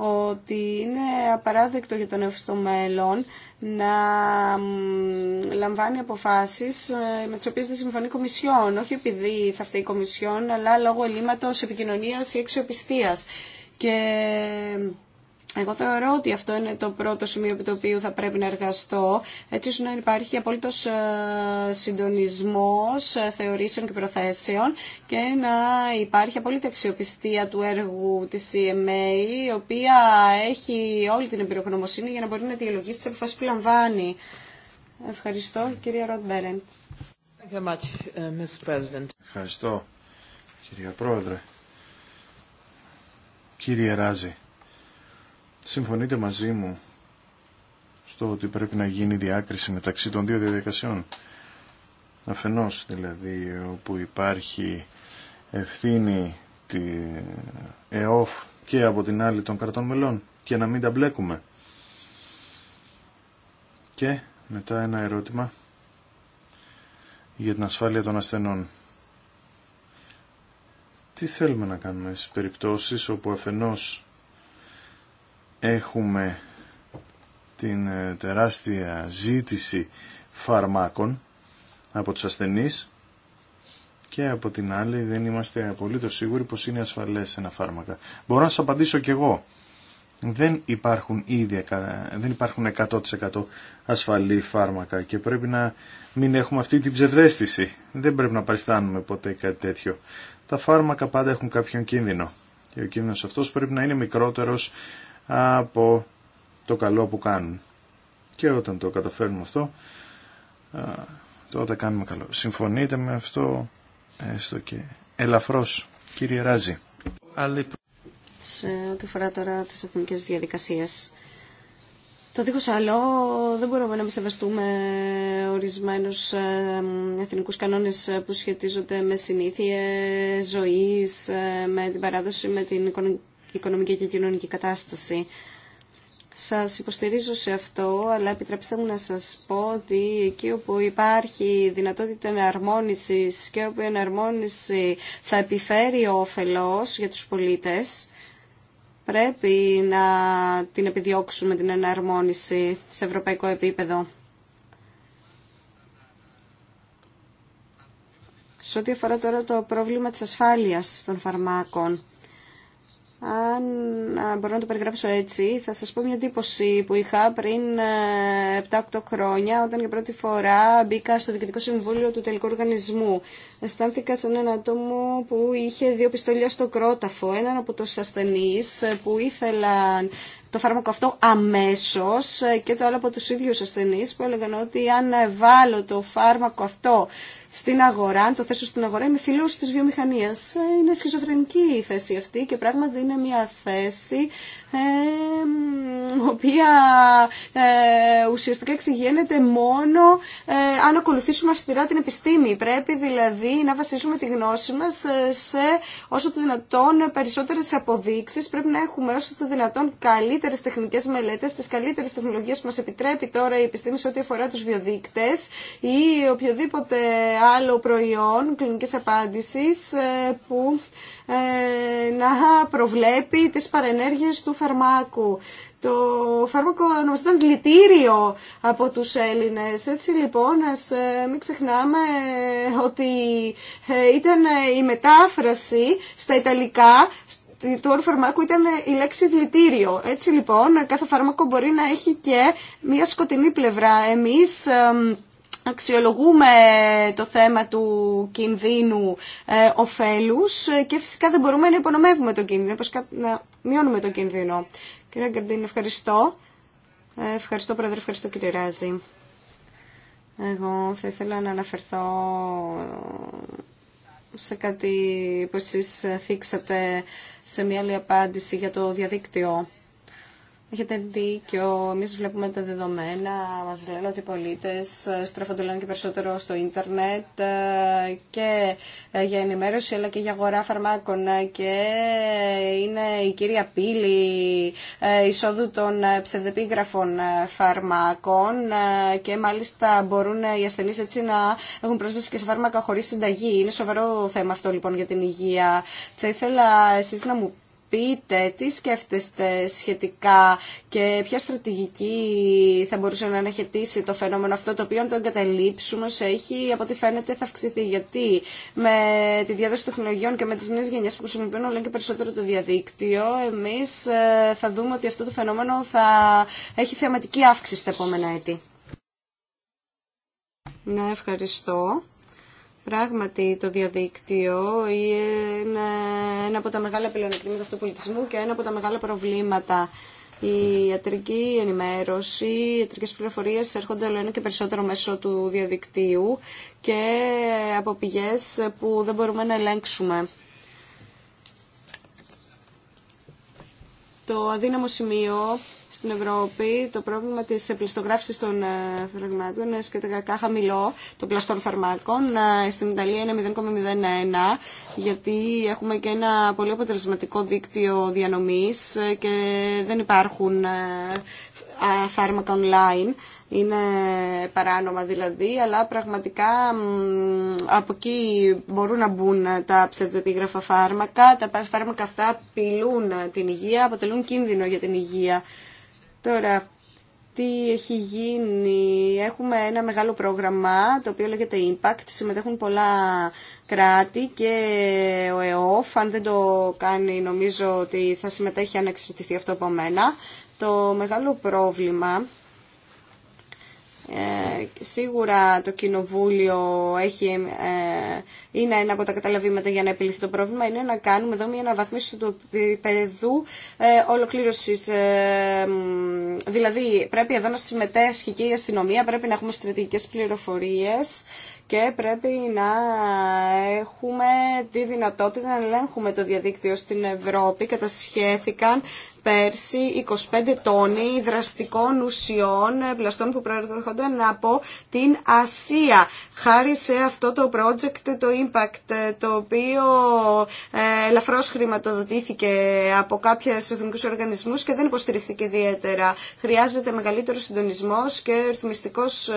ότι είναι απαράδεκτο για τον εύστο μέλλον να λαμβάνει αποφάσεις ε, με τις οποίες δεν συμφωνεί η Κομισιόν, όχι επειδή θα φταίει η Κομισιόν, αλλά λόγω ελλείμματος επικοινωνίας ή εξοπιστίας. Και εγώ θεωρώ ότι αυτό είναι το πρώτο σημείο επί το οποίο θα πρέπει να εργαστώ, έτσι ώστε να υπάρχει απόλυτο ε, συντονισμό ε, θεωρήσεων και προθέσεων και να υπάρχει απόλυτη αξιοπιστία του έργου τη CMA, η οποία έχει όλη την εμπειρογνωμοσύνη για να μπορεί να διαλογίσει τι αποφάσει που λαμβάνει. Ευχαριστώ, κυρία Μπέρεντ. Uh, Ευχαριστώ, κυρία Πρόεδρε. Κύριε Ράζη, συμφωνείτε μαζί μου στο ότι πρέπει να γίνει διάκριση μεταξύ των δύο διαδικασιών. Αφενός δηλαδή όπου υπάρχει ευθύνη τη ΕΟΦ και από την άλλη των κρατών μελών και να μην τα μπλέκουμε. Και μετά ένα ερώτημα για την ασφάλεια των ασθενών. Τι θέλουμε να κάνουμε στις περιπτώσεις όπου αφενός έχουμε την ε, τεράστια ζήτηση φαρμάκων από τους ασθενείς και από την άλλη δεν είμαστε απολύτως σίγουροι πως είναι ασφαλές ένα φάρμακα. Μπορώ να σας απαντήσω κι εγώ. Δεν υπάρχουν, ήδη, δεν υπάρχουν 100% ασφαλή φάρμακα και πρέπει να μην έχουμε αυτή την ψευδέστηση. Δεν πρέπει να παριστάνουμε ποτέ κάτι τέτοιο. Τα φάρμακα πάντα έχουν κάποιον κίνδυνο και ο κίνδυνος αυτός πρέπει να είναι μικρότερος από το καλό που κάνουν. Και όταν το καταφέρνουμε αυτό, τότε κάνουμε καλό. Συμφωνείτε με αυτό, έστω και ελαφρώς, κύριε Ράζη. Σε ό,τι αφορά τώρα τις εθνικές διαδικασίες, το δίχως άλλο δεν μπορούμε να μην σεβαστούμε ορισμένους ε, εθνικούς κανόνες που σχετίζονται με συνήθειες ζωής, ε, με την παράδοση, με την οικονομική και κοινωνική κατάσταση. Σας υποστηρίζω σε αυτό, αλλά επιτρέψτε μου να σας πω ότι εκεί όπου υπάρχει δυνατότητα εναρμόνισης και όπου η εναρμόνιση θα επιφέρει όφελος για τους πολίτες, πρέπει να την επιδιώξουμε την εναρμόνιση σε ευρωπαϊκό επίπεδο. Σε ό,τι αφορά τώρα το πρόβλημα της ασφάλειας των φαρμάκων, αν μπορώ να το περιγράψω έτσι, θα σας πω μια εντύπωση που είχα πριν 7-8 ε, χρόνια, όταν για πρώτη φορά μπήκα στο Διοικητικό Συμβούλιο του Τελικού Οργανισμού. Αισθάνθηκα σαν ένα άτομο που είχε δύο πιστολιά στο κρόταφο, έναν από τους ασθενείς που ήθελαν το φάρμακο αυτό αμέσως και το άλλο από τους ίδιους ασθενείς που έλεγαν ότι αν βάλω το φάρμακο αυτό στην αγορά, το θέσω στην αγορά, είμαι φιλός της βιομηχανίας. Ε, είναι σχιζοφρενική η θέση αυτή και πράγματι είναι μια θέση ε, η οποία ε, ουσιαστικά εξηγένεται μόνο ε, αν ακολουθήσουμε αυστηρά την επιστήμη. Πρέπει δηλαδή να βασίζουμε τη γνώση μας σε όσο το δυνατόν περισσότερες αποδείξεις. Πρέπει να έχουμε όσο το δυνατόν καλύτερες τεχνικές μελέτες, τις καλύτερες τεχνολογίες που μας επιτρέπει τώρα η επιστήμη σε ό,τι αφορά τους βιοδείκτες ή οποιοδήποτε άλλο προϊόν κλινικής απάντησης που ε, να προβλέπει τις παρενέργειες του φαρμάκου. Το φάρμακο ονομαζόταν δηλητήριο από τους Έλληνες. Έτσι λοιπόν, ας ε, μην ξεχνάμε ε, ότι ήταν η μετάφραση στα Ιταλικά του όρου φαρμάκου ήταν η λέξη δηλητήριο. Έτσι λοιπόν, κάθε φάρμακο μπορεί να έχει και μια σκοτεινή πλευρά. Εμείς αξιολογούμε το θέμα του κινδύνου ε, ε, και φυσικά δεν μπορούμε να υπονομεύουμε τον κίνδυνο, να μειώνουμε τον κίνδυνο. Κύριε Γκαρντίν, ευχαριστώ. Ε, ευχαριστώ, Πρόεδρε, ευχαριστώ, κύριε Ράζη. Εγώ θα ήθελα να αναφερθώ σε κάτι που εσείς θίξατε σε μια άλλη απάντηση για το διαδίκτυο. Έχετε δίκιο, εμεί βλέπουμε τα δεδομένα, Μα λένε ότι οι πολίτες ε, στρέφονται λένε και περισσότερο στο ίντερνετ ε, και ε, για ενημέρωση αλλά και για αγορά φαρμάκων και είναι η κύρια πύλη εισόδου των ψευδεπίγραφων φαρμάκων και μάλιστα μπορούν οι ασθενείς έτσι να έχουν πρόσβαση και σε φάρμακα χωρίς συνταγή. Είναι σοβαρό θέμα αυτό λοιπόν για την υγεία. Θα ήθελα εσεί να μου πείτε τι σκέφτεστε σχετικά και ποια στρατηγική θα μπορούσε να αναχαιτήσει το φαινόμενο αυτό το οποίο αν το εγκαταλείψουμε όσο έχει από ό,τι φαίνεται θα αυξηθεί γιατί με τη διάδοση τεχνολογιών και με τις νέες γενιές που χρησιμοποιούν όλο και περισσότερο το διαδίκτυο εμείς ε, θα δούμε ότι αυτό το φαινόμενο θα έχει θεαματική αύξηση τα επόμενα έτη. Ναι, ευχαριστώ. Πράγματι το διαδίκτυο είναι ένα από τα μεγάλα πλεονεκτήματα του πολιτισμού και ένα από τα μεγάλα προβλήματα. Η ιατρική ενημέρωση, οι ιατρικές πληροφορίες έρχονται όλο ένα και περισσότερο μέσω του διαδικτύου και από πηγές που δεν μπορούμε να ελέγξουμε. Το αδύναμο σημείο στην Ευρώπη το πρόβλημα της πλαστογράφησης των ε, φαρμάκων είναι σχετικά χαμηλό των πλαστών φαρμάκων. Ε, στην Ιταλία είναι 0,01 γιατί έχουμε και ένα πολύ αποτελεσματικό δίκτυο διανομής ε, και δεν υπάρχουν φάρμακα online. Είναι παράνομα δηλαδή, αλλά πραγματικά από εκεί μπορούν να μπουν τα ψευδοεπίγραφα φάρμακα. Τα φάρμακα αυτά απειλούν την υγεία, αποτελούν κίνδυνο για την υγεία Τώρα, τι έχει γίνει. Έχουμε ένα μεγάλο πρόγραμμα το οποίο λέγεται Impact. Συμμετέχουν πολλά κράτη και ο ΕΟΦ, αν δεν το κάνει νομίζω ότι θα συμμετέχει αν εξαρτηθεί αυτό από μένα. Το μεγάλο πρόβλημα ε, σίγουρα το κοινοβούλιο έχει, ε, είναι ένα από τα καταλαβήματα για να επιληθεί το πρόβλημα είναι να κάνουμε εδώ μια αναβαθμίση του επίπεδου ε, ολοκλήρωσης ε, δηλαδή πρέπει εδώ να συμμετέχει και η αστυνομία πρέπει να έχουμε στρατηγικές πληροφορίες και πρέπει να έχουμε τη δυνατότητα να ελέγχουμε το διαδίκτυο στην Ευρώπη. Κατασχέθηκαν πέρσι 25 τόνοι δραστικών ουσιών ε, πλαστών που προέρχονταν από την Ασία. Χάρη σε αυτό το project, το Impact, ε, το οποίο ε, ελαφρώς χρηματοδοτήθηκε από κάποιες εθνικούς οργανισμούς και δεν υποστηριχθήκε ιδιαίτερα. Χρειάζεται μεγαλύτερο συντονισμός και ρυθμιστικός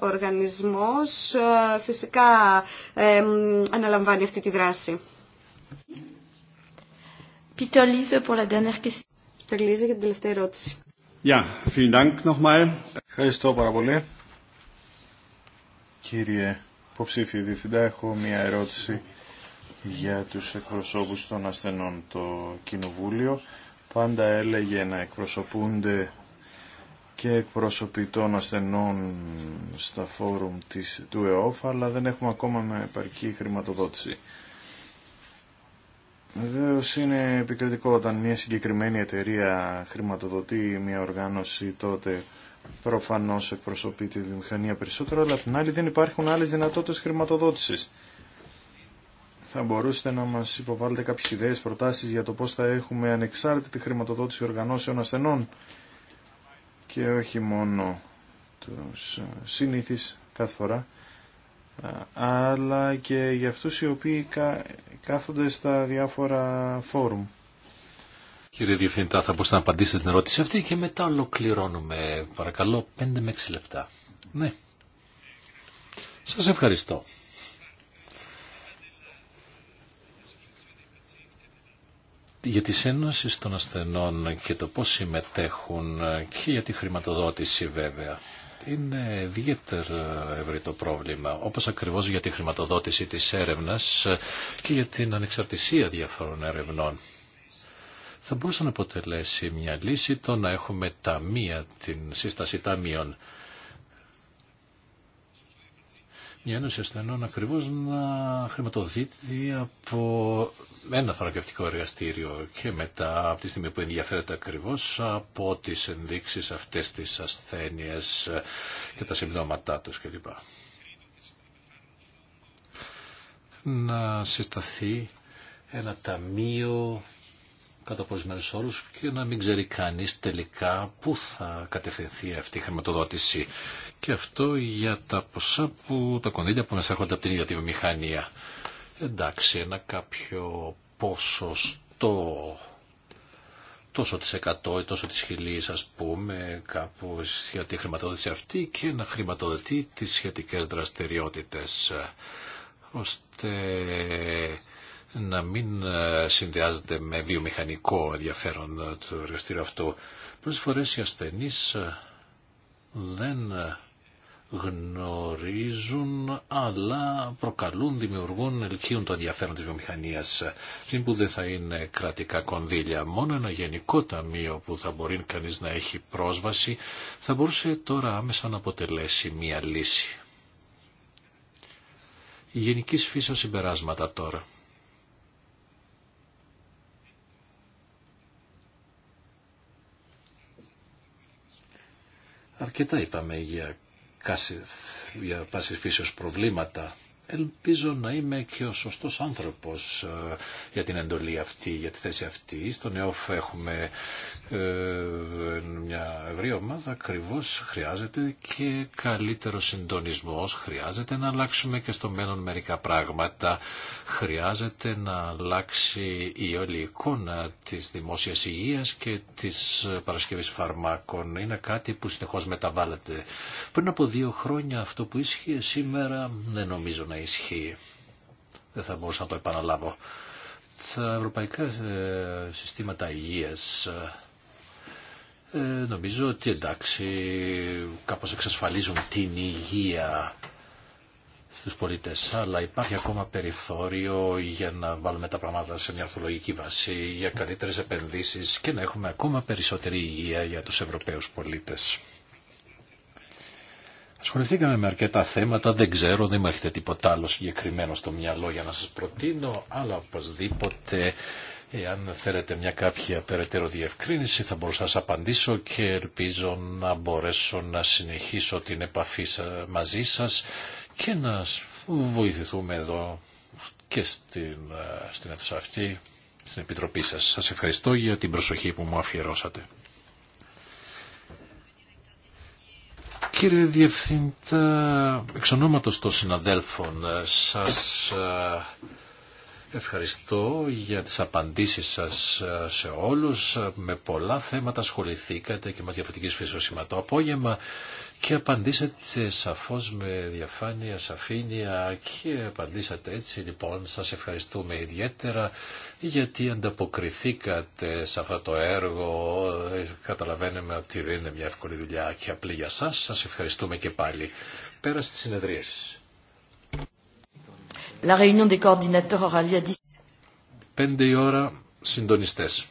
οργανισμός φυσικά αναλαμβάνει αυτή τη δράση. Peter pour la dernière question. για την τελευταία ερώτηση. Ja, vielen Dank nochmal. Ευχαριστώ πάρα πολύ. Κύριε υποψήφιο διευθυντά, έχω μια ερώτηση για τους εκπροσώπους των ασθενών το Κοινοβούλιο. Πάντα έλεγε να εκπροσωπούνται και εκπρόσωποι των ασθενών στα φόρουμ της, του ΕΟΦ, αλλά δεν έχουμε ακόμα με επαρκή χρηματοδότηση. Βεβαίω είναι επικριτικό όταν μια συγκεκριμένη εταιρεία χρηματοδοτεί μια οργάνωση, τότε προφανώς εκπροσωπεί τη βιομηχανία περισσότερο, αλλά την άλλη δεν υπάρχουν άλλες δυνατότητες χρηματοδότησης. Θα μπορούσατε να μας υποβάλλετε κάποιες ιδέες, προτάσεις για το πώς θα έχουμε ανεξάρτητη χρηματοδότηση οργανώσεων ασθενών και όχι μόνο τους συνήθεις κάθε φορά αλλά και για αυτούς οι οποίοι κάθονται στα διάφορα φόρουμ. Κύριε Διευθυντά, θα μπορούσατε να απαντήσετε την ερώτηση αυτή και μετά ολοκληρώνουμε. Παρακαλώ, 5 με 6 λεπτά. Ναι. Σας ευχαριστώ. για τις ένωσεις των ασθενών και το πώς συμμετέχουν και για τη χρηματοδότηση βέβαια. Είναι ιδιαίτερο ευρύ το πρόβλημα, όπως ακριβώς για τη χρηματοδότηση της έρευνας και για την ανεξαρτησία διαφορών ερευνών. Θα μπορούσε να αποτελέσει μια λύση το να έχουμε ταμεία, την σύσταση ταμείων μια ένωση ασθενών ακριβώς να χρηματοδοτείται από ένα θωρακευτικό εργαστήριο και μετά από τη στιγμή που ενδιαφέρεται ακριβώς από τις ενδείξεις αυτές τις ασθένειες και τα συμπτώματά τους κλπ. Να συσταθεί ένα ταμείο κατά ορισμένου όρου και να μην ξέρει κανεί τελικά πού θα κατευθυνθεί αυτή η χρηματοδότηση. Και αυτό για τα ποσά που τα κονδύλια που μας έρχονται από την ίδια τη βιομηχανία. Εντάξει, ένα κάποιο ποσοστό τόσο της εκατό ή τόσο της χιλής ας πούμε κάπου για τη χρηματοδότηση αυτή και να χρηματοδοτεί τις σχετικές δραστηριότητες ώστε να μην ε, συνδυάζεται με βιομηχανικό ενδιαφέρον ε, του εργαστήριο αυτό. Πολλές φορές οι ασθενείς ε, δεν γνωρίζουν αλλά προκαλούν, δημιουργούν, ελκύουν το ενδιαφέρον της βιομηχανίας. Στην που δεν θα είναι κρατικά κονδύλια, μόνο ένα γενικό ταμείο που θα μπορεί κανείς να έχει πρόσβαση θα μπορούσε τώρα άμεσα να αποτελέσει μία λύση. Η γενικής φύσεως συμπεράσματα τώρα. Αρκετά είπαμε για, για πάσης φύσεως προβλήματα Ελπίζω να είμαι και ο σωστός άνθρωπος ε, για την εντολή αυτή, για τη θέση αυτή. Στον ΕΟΦ έχουμε ε, μια ευρή ομάδα, ακριβώ χρειάζεται και καλύτερο συντονισμός. Χρειάζεται να αλλάξουμε και στο μέλλον μερικά πράγματα. Χρειάζεται να αλλάξει η όλη εικόνα της δημόσιας υγείας και της παρασκευής φαρμάκων. Είναι κάτι που συνεχώς μεταβάλλεται. Πριν από δύο χρόνια αυτό που ίσχυε σήμερα δεν νομίζω να ισχύει. Δεν θα μπορούσα να το επαναλάβω. Τα ευρωπαϊκά ε, συστήματα υγείας ε, ε, νομίζω ότι εντάξει κάπως εξασφαλίζουν την υγεία στους πολίτες, αλλά υπάρχει ακόμα περιθώριο για να βάλουμε τα πράγματα σε μια αυθολογική βάση, για καλύτερες επενδύσεις και να έχουμε ακόμα περισσότερη υγεία για τους Ευρωπαίους πολίτες. Ασχοληθήκαμε με αρκετά θέματα, δεν ξέρω, δεν μου έρχεται τίποτα άλλο συγκεκριμένο στο μυαλό για να σας προτείνω, αλλά οπωσδήποτε Εάν θέλετε μια κάποια περαιτέρω διευκρίνηση θα μπορούσα να σας απαντήσω και ελπίζω να μπορέσω να συνεχίσω την επαφή μαζί σας και να βοηθηθούμε εδώ και στην, ε, στην αίθουσα αυτή, στην Επιτροπή σας. Σας ευχαριστώ για την προσοχή που μου αφιερώσατε. Κύριε Διευθυντά, εξ ονόματος των συναδέλφων, ε, σας ε, ευχαριστώ για τις απαντήσεις σας ε, σε όλους. Με πολλά θέματα ασχοληθήκατε και μας διαφορετικής φύσης απόγευμα και απαντήσατε σαφώς με διαφάνεια, σαφήνεια και απαντήσατε έτσι λοιπόν. Σας ευχαριστούμε ιδιαίτερα γιατί ανταποκριθήκατε σε αυτό το έργο. Ε, καταλαβαίνουμε ότι δεν είναι μια εύκολη δουλειά και απλή για σας. Σας ευχαριστούμε και πάλι. Πέρα στις συνεδρίες. La réunion des coordinateurs aura lieu à 10. η ώρα συντονιστές.